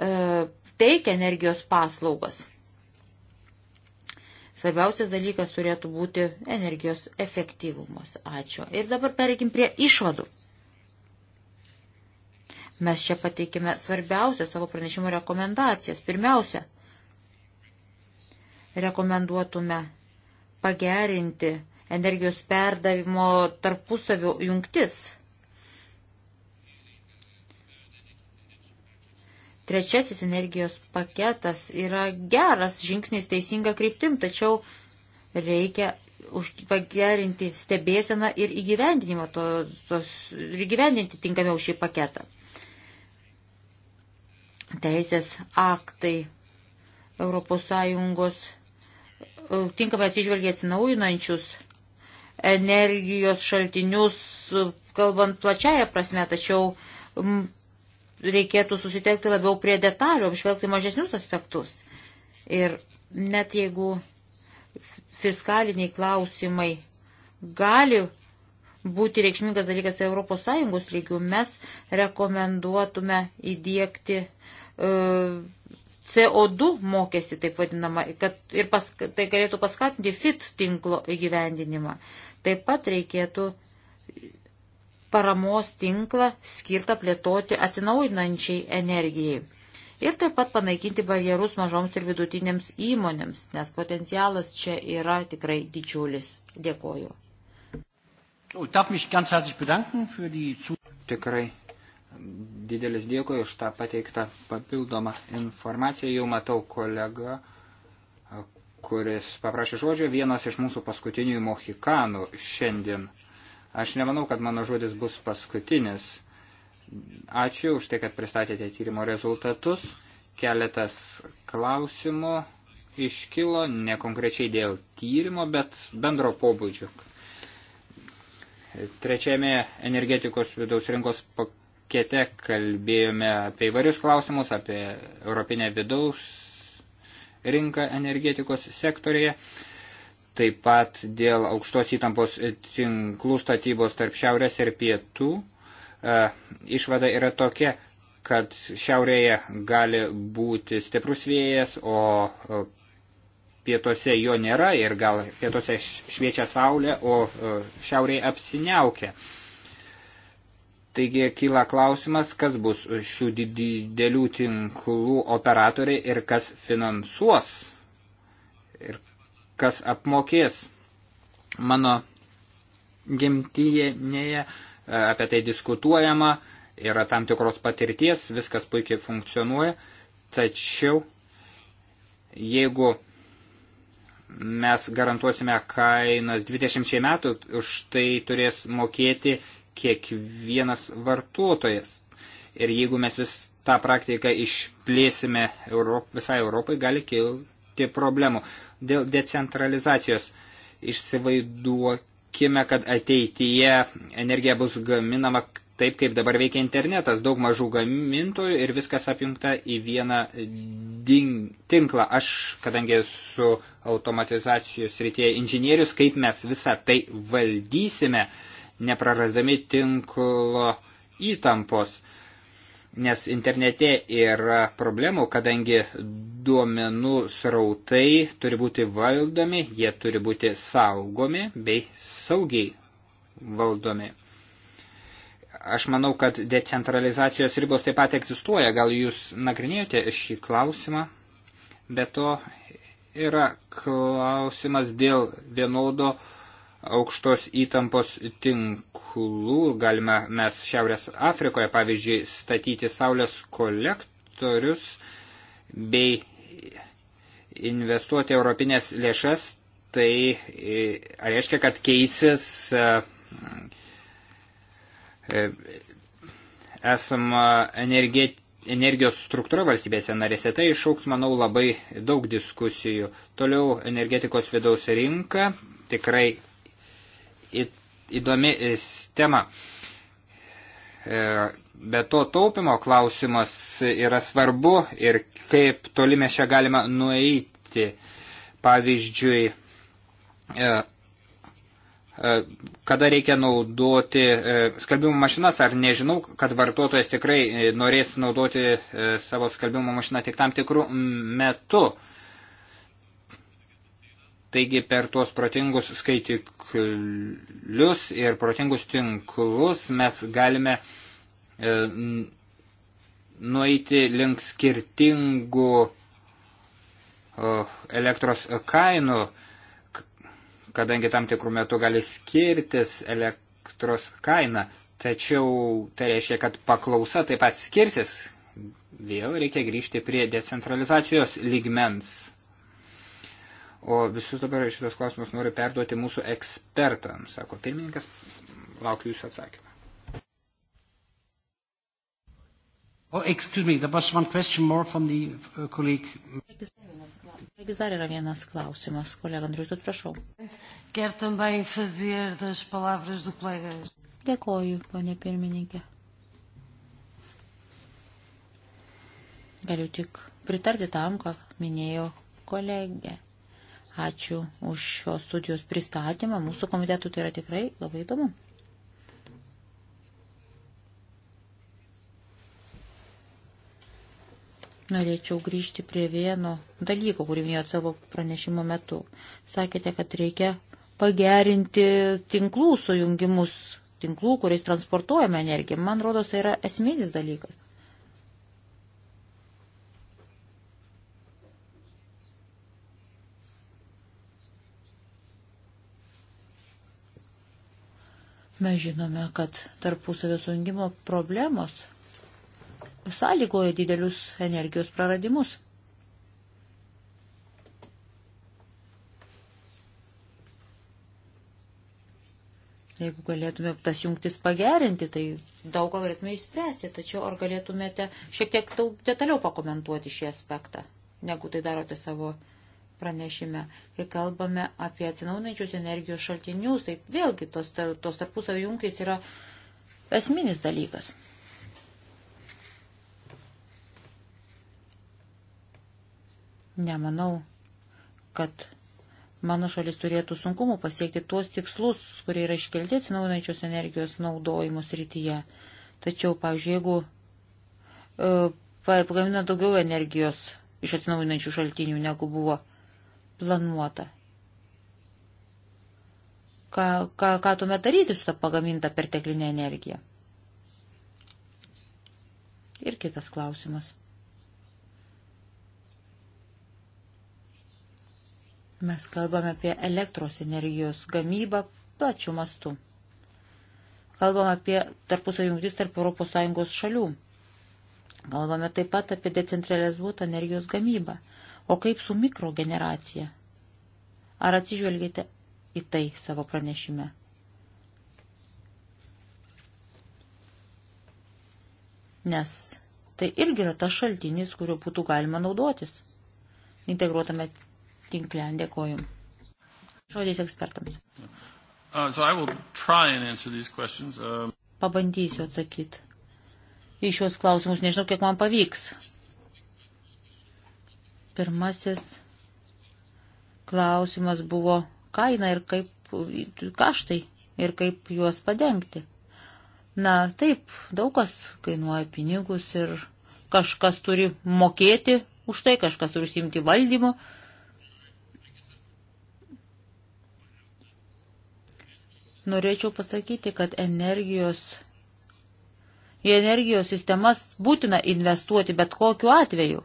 e, teikia energijos paslaugas. Svarbiausias dalykas turėtų būti energijos efektyvumas. Ačiū. Ir dabar pereikim prie išvadų. Mes čia pateikime svarbiausią savo pranešimo rekomendacijas. Pirmiausia, rekomenduotume pagerinti energijos perdavimo tarpusavio jungtis Trečiasis energijos paketas yra geras žingsnis teisinga kryptim, tačiau reikia pagerinti stebėseną ir įgyvendinimą, to, tos, įgyvendinti tinkamiau šį paketą. Teisės aktai ES e, tinkamai atsižvelgia atsinaujinančius energijos šaltinius, kalbant plačiaja prasme, tačiau reikėtų susitelkti labiau prie detalių, apžvelgti mažesnius aspektus. Ir net jeigu fiskaliniai klausimai gali būti reikšmingas dalykas ES lygių, mes rekomenduotume įdėkti uh, e, CO2 mokestį, taip vadinamą, kad ir pas, tai galėtų paskatinti FIT tinklo įgyvendinimą. Taip pat reikėtų paramos tinklą skirtą plėtoti atsinaujinančiai energijai. Ir taip pat panaikinti barjerus mažoms ir vidutinėms įmonėms, nes potencialas čia yra tikrai didžiulis. Dėkoju. Oh, tikrai didelis dėkui už tą pateiktą papildomą informaciją. Jau matau kolega, kuris paprašė žodžio, vienas iš mūsų paskutinių mohikanų šiandien. Aš nemanau, kad mano žodis bus paskutinis. Ačiū už tai, kad pristatėte tyrimo rezultatus. Keletas klausimų iškilo, ne konkrečiai dėl tyrimo, bet bendro pobūdžio. Trečiame energetikos vidaus rinkos pakete kalbėjome apie įvairius klausimus, apie Europinę vidaus rinką energetikos sektorėje taip pat dėl aukštos įtampos tinklų statybos tarp šiaurės ir pietų. E, išvada yra tokia, kad šiaurėje gali būti stiprus vėjas, o pietuose jo nėra ir gal pietuose šviečia saulė, o šiaurėje apsiniaukia. Taigi kyla klausimas, kas bus šių didelių tinklų operatoriai ir kas finansuos kas apmokės. Mano gimtyje e, apie tai diskutuojama, yra tam tikros patirties, viskas puikiai funkcionuoja, tačiau jeigu mes garantuosime kainas 20 metų, už tai turės mokėti kiekvienas vartotojas. Ir jeigu mes vis tą praktiką išplėsime Europ, visai Europai, gali kilti išvengti problemų. Dėl decentralizacijos išsivaiduokime, kad ateityje energija bus gaminama taip, kaip dabar veikia internetas, daug mažų gamintojų ir viskas apjungta į vieną tinklą. Aš, kadangi esu automatizacijos rytėje inžinierius, kaip mes visą tai valdysime, neprarasdami tinklo įtampos nes internete yra problemų, kadangi duomenų srautai turi būti valdomi, jie turi būti saugomi bei saugiai valdomi. Aš manau, kad decentralizacijos ribos taip pat egzistuoja, gal jūs nagrinėjote šį klausimą, bet to yra klausimas dėl vienodo uh, aukštos įtampos tinklų. Galime mes Šiaurės Afrikoje, pavyzdžiui, statyti saulės kolektorius bei investuoti europinės lėšas. Tai e, reiškia, kad keisis e, e, esama energetika energijos struktūra valstybėse narėse, tai išauks, manau, labai daug diskusijų. Toliau energetikos vidaus rinka tikrai įdomi e, tema. E, be to taupimo klausimas yra svarbu ir kaip toli mes čia galima nueiti. Pavyzdžiui, e, kada reikia naudoti skalbimo mašinas, ar nežinau, kad vartotojas tikrai norės naudoti savo skalbimo mašiną tik tam tikrų metų. Taigi per tuos protingus skaitiklius ir protingus tinklus mes galime e, nueiti link skirtingų e, elektros kainų, kadangi tam tikrų metų gali skirtis elektros kaina. Tačiau tai reiškia, kad paklausa taip pat skirsis. Vėl reikia grįžti prie decentralizacijos lygmens o visus dabar šitas klausimas noriu perduoti mūsų ekspertams, sako pirmininkas, laukiu jūsų atsakymą. Oh, excuse me, there was one question more from the uh, colleague. Dar yra vienas klausimas, kolega Andrius, tu prašau. Quer também fazer das palavras do colega. Dėkoju, ponė pirmininkė. Galiu tik pritarti tam, ką minėjo kolegė. Ačiū už šios studijos pristatymą. Mūsų komitetų tai yra tikrai labai įdomu. Norėčiau grįžti prie vieno dalyko, kurį minėjot savo pranešimo metu. Sakėte, kad reikia pagerinti tinklų sujungimus, tinklų, kuriais transportuojame energiją. Man rodos, tai yra esminis dalykas. Mes žinome, kad tarpusavio sujungimo problemos sąlygoja didelius energijos praradimus. Jeigu galėtume tas jungtis pagerinti, tai daug ką galėtume išspręsti, tačiau ar galėtumėte šiek tiek detaliau pakomentuoti šį aspektą, negu tai darote savo pranešime, kai kalbame apie atsinaunančius energijos šaltinius, tai vėlgi tos, tos tarpusavio jungtys yra esminis dalykas. Nemanau, kad mano šalis turėtų sunkumų pasiekti tuos tikslus, kurie yra iškelti atsinaujinančios energijos naudojimo srityje. Tačiau, pavyzdžiui, jeigu e, pagamina daugiau energijos iš atsinaujinančių šaltinių, negu buvo planuota? Ką, ką, ką tuomet daryti su tą pagamintą perteklinę energiją? Ir kitas klausimas. Mes kalbame apie elektros energijos gamybą plačių mastų. Kalbame apie tarpusą jungtis tarp ES šalių. Kalbame taip pat apie decentralizuotą energijos gamybą. O kaip su mikrogeneracija? Ar atsižvelgėte į tai savo pranešime? Nes tai irgi yra tas šaltinis, kuriuo būtų galima naudotis. Integruotame tinkle dėkojom. Žodis ekspertams. Uh, so um... Pabandysiu atsakyti. Į šios klausimus nežinau, kiek man pavyks. Pirmasis klausimas buvo kaina ir kaip kaštai ir kaip juos padengti. Na, taip, daug kas kainuoja pinigus ir kažkas turi mokėti už tai, kažkas turi simti valdymo. Norėčiau pasakyti, kad energijos, į energijos sistemas būtina investuoti bet kokiu atveju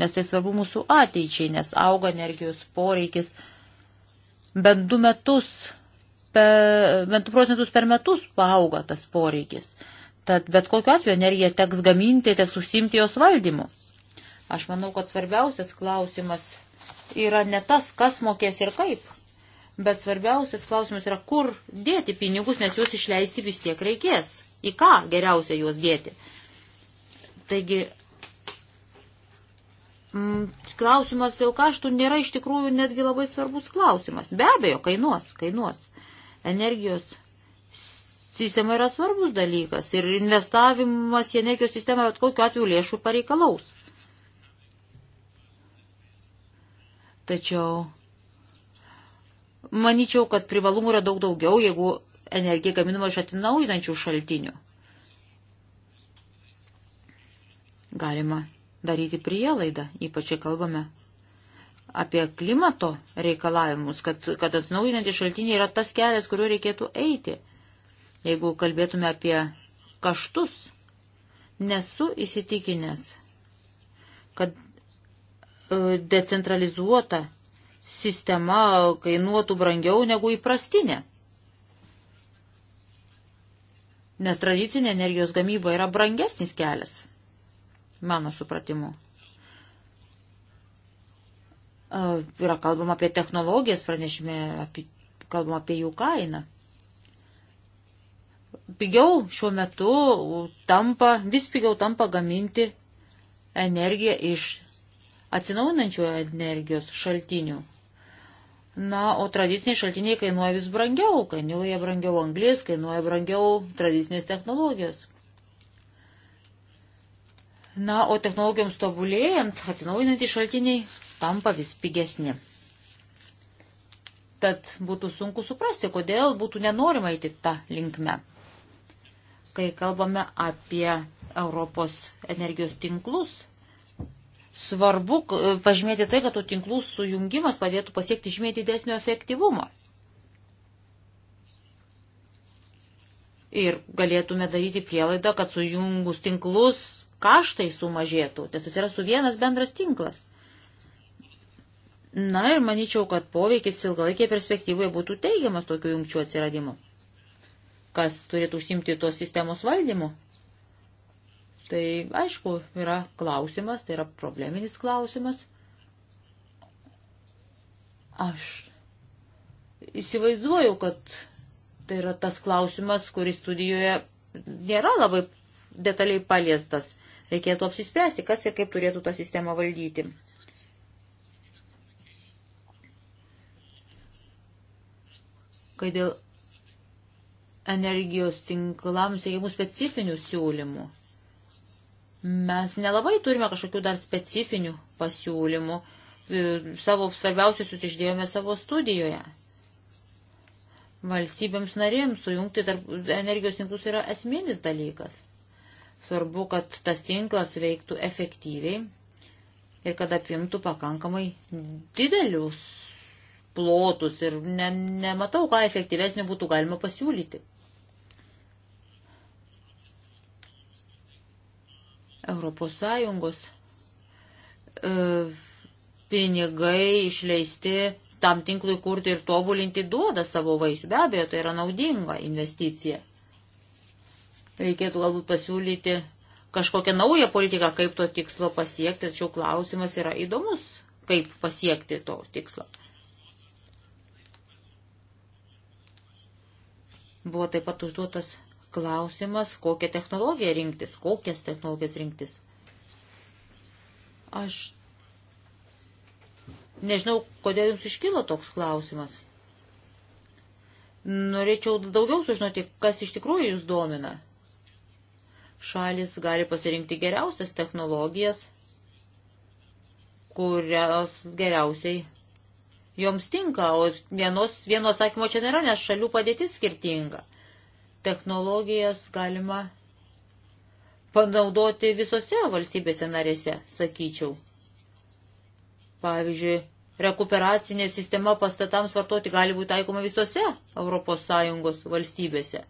nes tai svarbu mūsų ateičiai, nes auga energijos poreikis bent 2 metus, per, bent 2 procentus per metus paauga tas poreikis. Tad bet kokiu atveju energiją teks gaminti, teks užsimti jos valdymu. Aš manau, kad svarbiausias klausimas yra ne tas, kas mokės ir kaip, bet svarbiausias klausimas yra, kur dėti pinigus, nes juos išleisti vis tiek reikės. Į ką geriausia juos dėti. Taigi Mm, klausimas dėl kaštų nėra iš tikrųjų netgi labai svarbus klausimas. Be abejo, kainuos, kainuos. Energijos sistema yra svarbus dalykas ir investavimas į energijos sistemą bet kokiu atveju lėšų pareikalaus. Tačiau manyčiau, kad privalumų yra daug daugiau, jeigu energija gaminama iš atinaujinančių šaltinių. Galima daryti prielaidą, ypač kai kalbame apie klimato reikalavimus, kad, kad atsinaujinantys šaltiniai yra tas kelias, kuriuo reikėtų eiti. Jeigu kalbėtume apie kaštus, nesu įsitikinęs, kad e, decentralizuota sistema kainuotų brangiau negu įprastinė. Nes tradicinė energijos gamyba yra brangesnis kelias mano supratimu. Yra kalbama apie technologijas, pranešime, apie, kalbama apie jų kainą. Pigiau šiuo metu tampa, vis pigiau tampa gaminti energiją iš atsinaujinančių energijos šaltinių. Na, o tradiciniai šaltiniai kainuoja vis brangiau, kainuoja brangiau anglis, kainuoja brangiau tradicinės technologijos. Na, o technologijoms tobulėjant, atsinaujinantys šaltiniai tampa vis pigesni. Tad būtų sunku suprasti, kodėl būtų nenorima eiti tą linkmę. Kai kalbame apie Europos energijos tinklus, svarbu pažymėti tai, kad tų tinklų sujungimas padėtų pasiekti žymiai didesnio efektyvumo. Ir galėtume daryti prielaidą, kad sujungus tinklus kaštai sumažėtų, nes atsirastų vienas bendras tinklas. Na ir manyčiau, kad poveikis ilgalaikėje perspektyvoje būtų teigiamas tokių jungčių atsiradimu. Kas turėtų užsimti tos sistemos valdymu? Tai aišku, yra klausimas, tai yra probleminis klausimas. Aš įsivaizduoju, kad tai yra tas klausimas, kuris studijoje nėra labai detaliai paliestas reikėtų apsispręsti, kas ir kaip turėtų tą sistemą valdyti. Kai dėl energijos tinklams reikiamų specifinių siūlymų, mes nelabai turime kažkokių dar specifinių pasiūlymų. E, savo svarbiausius išdėjome savo studijoje valstybėms narėms sujungti tarp energijos tinklus yra esminis dalykas. Svarbu, kad tas tinklas veiktų efektyviai ir kad apimtų pakankamai didelius plotus ir ne, nematau, ką efektyvesnio būtų galima pasiūlyti. Europos Sąjungos e, pinigai išleisti tam tinklui kurti ir tobulinti duoda savo vaisių. Be abejo, tai yra naudinga investicija. Reikėtų galbūt pasiūlyti kažkokią naują politiką, kaip to tikslo pasiekti, tačiau klausimas yra įdomus, kaip pasiekti to tikslo. Buvo taip pat užduotas klausimas, kokią technologiją rinktis, kokias technologijas rinktis. Aš nežinau, kodėl jums iškilo toks klausimas. Norėčiau daugiau sužinoti, kas iš tikrųjų jūs domina šalis gali pasirinkti geriausias technologijas, kurios geriausiai joms tinka, o vienos, vieno atsakymo čia nėra, nes šalių padėtis skirtinga. Technologijas galima panaudoti visose valstybėse narėse, sakyčiau. Pavyzdžiui, rekuperacinė sistema pastatams vartoti gali būti taikoma visose ES valstybėse.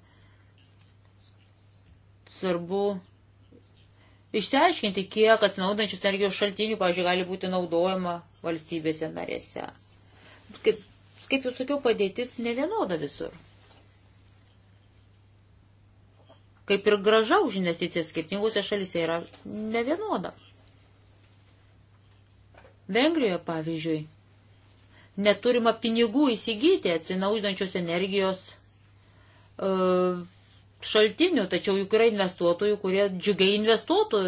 Svarbu išsiaiškinti, kiek atsinaudančių energijos šaltinių, pavyzdžiui, gali būti naudojama valstybėse narėse. Kaip, kaip jau sakiau, padėtis nevienoda visur. Kaip ir graža už investicijas skirtingose šalise yra nevienoda. Vengrijoje, pavyzdžiui, neturima pinigų įsigyti atsinaudančios energijos uh, šaltinių, tačiau juk yra investuotojų, kurie džiugiai investuotų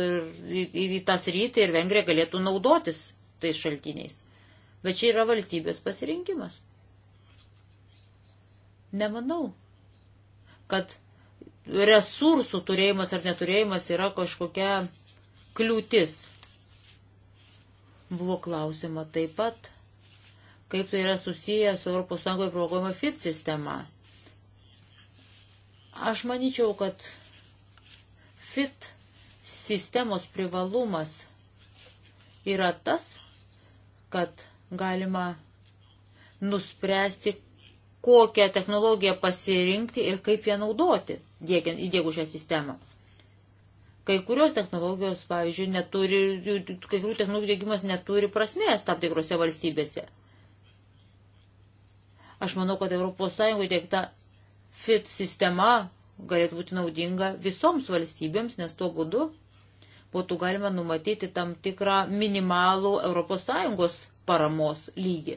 į, į, į tą sritį ir Vengrija galėtų naudotis tais šaltiniais. Bet čia yra valstybės pasirinkimas. Nemanau, kad resursų turėjimas ar neturėjimas yra kažkokia kliūtis. Buvo klausima taip pat, kaip tai yra susijęs su ES provokuojama FIT sistema. Aš manyčiau, kad fit sistemos privalumas yra tas, kad galima nuspręsti, kokią technologiją pasirinkti ir kaip ją naudoti, įdėgų šią sistemą. Kai kurios technologijos, pavyzdžiui, neturi, kai kurių technologijų dėgymas neturi prasmės tam tikrose valstybėse. Aš manau, kad ES tiek ta FIT sistema galėtų būti naudinga visoms valstybėms, nes tuo būdu būtų galima numatyti tam tikrą minimalų ES paramos lygį.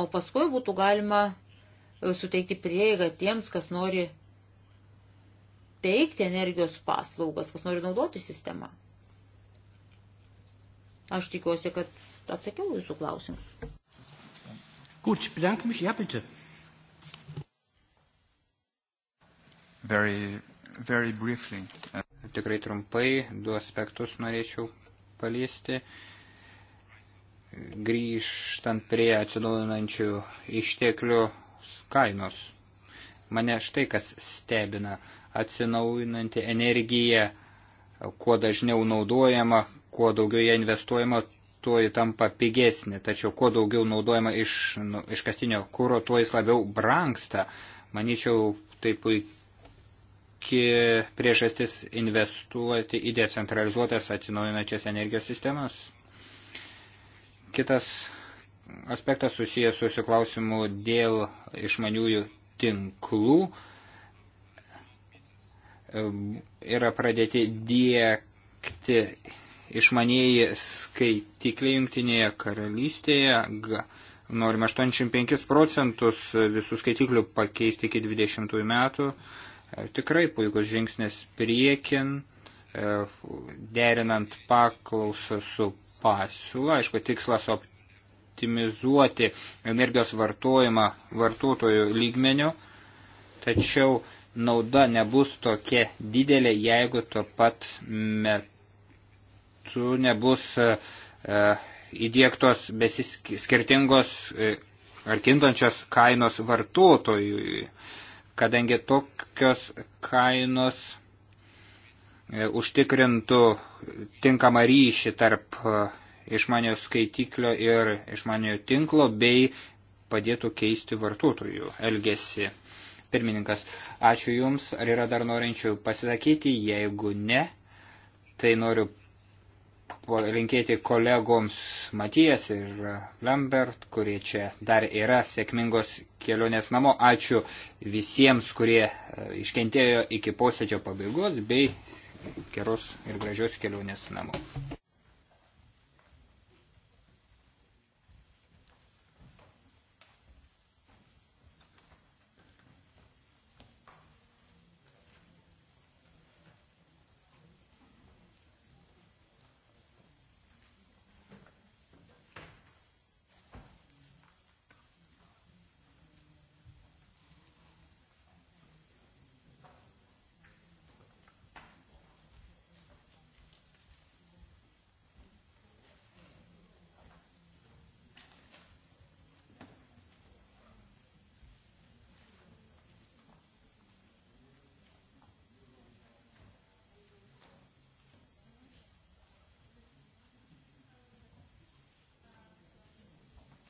O paskui būtų galima e, suteikti prieigą tiems, kas nori teikti energijos paslaugas, kas nori naudoti sistemą. Aš tikiuosi, kad atsakiau jūsų klausimą. Gut, ich bedanke mich. Ja, bitte. Very, very briefly. Tikrai trumpai du aspektus norėčiau paliesti. Grįžtant prie atsinaujinančių išteklių kainos. Mane štai kas stebina. Atsinaujinanti energija, kuo dažniau naudojama, kuo daugiau ją investuojama, tuo ji tampa pigesnė, tačiau kuo daugiau naudojama iš, nu, iš kastinio kūro, tuo jis labiau branksta. Manyčiau, tai puikiai priežastis investuoti į decentralizuotas atsinaujinančias energijos sistemas. Kitas aspektas susijęs su klausimu dėl išmaniųjų tinklų yra pradėti diekti išmanieji skaitikliai jungtinėje karalystėje. Norime 85 procentus visų skaitiklių pakeisti iki 20 metų. E, tikrai puikus žingsnis priekin, e, derinant paklausą su pasiūla. Aišku, tikslas optimizuoti energijos vartojimą vartotojų lygmeniu, tačiau nauda nebus tokia didelė, jeigu tuo pat metu metu nebus e, e, įdėktos skirtingos e, ar kintančios kainos vartotojui, kadangi tokios kainos užtikrintų tinkamą ryšį tarp išmanio skaitiklio ir išmanio tinklo bei padėtų keisti vartotojų elgesį. Pirmininkas, ačiū Jums, ar yra dar norinčių pasisakyti, jeigu ne, tai noriu palinkėti kolegoms Matijas ir Lambert, kurie čia dar yra sėkmingos kelionės namo. Ačiū visiems, kurie e, iškentėjo iki posėdžio pabaigos bei geros ir gražios kelionės namo.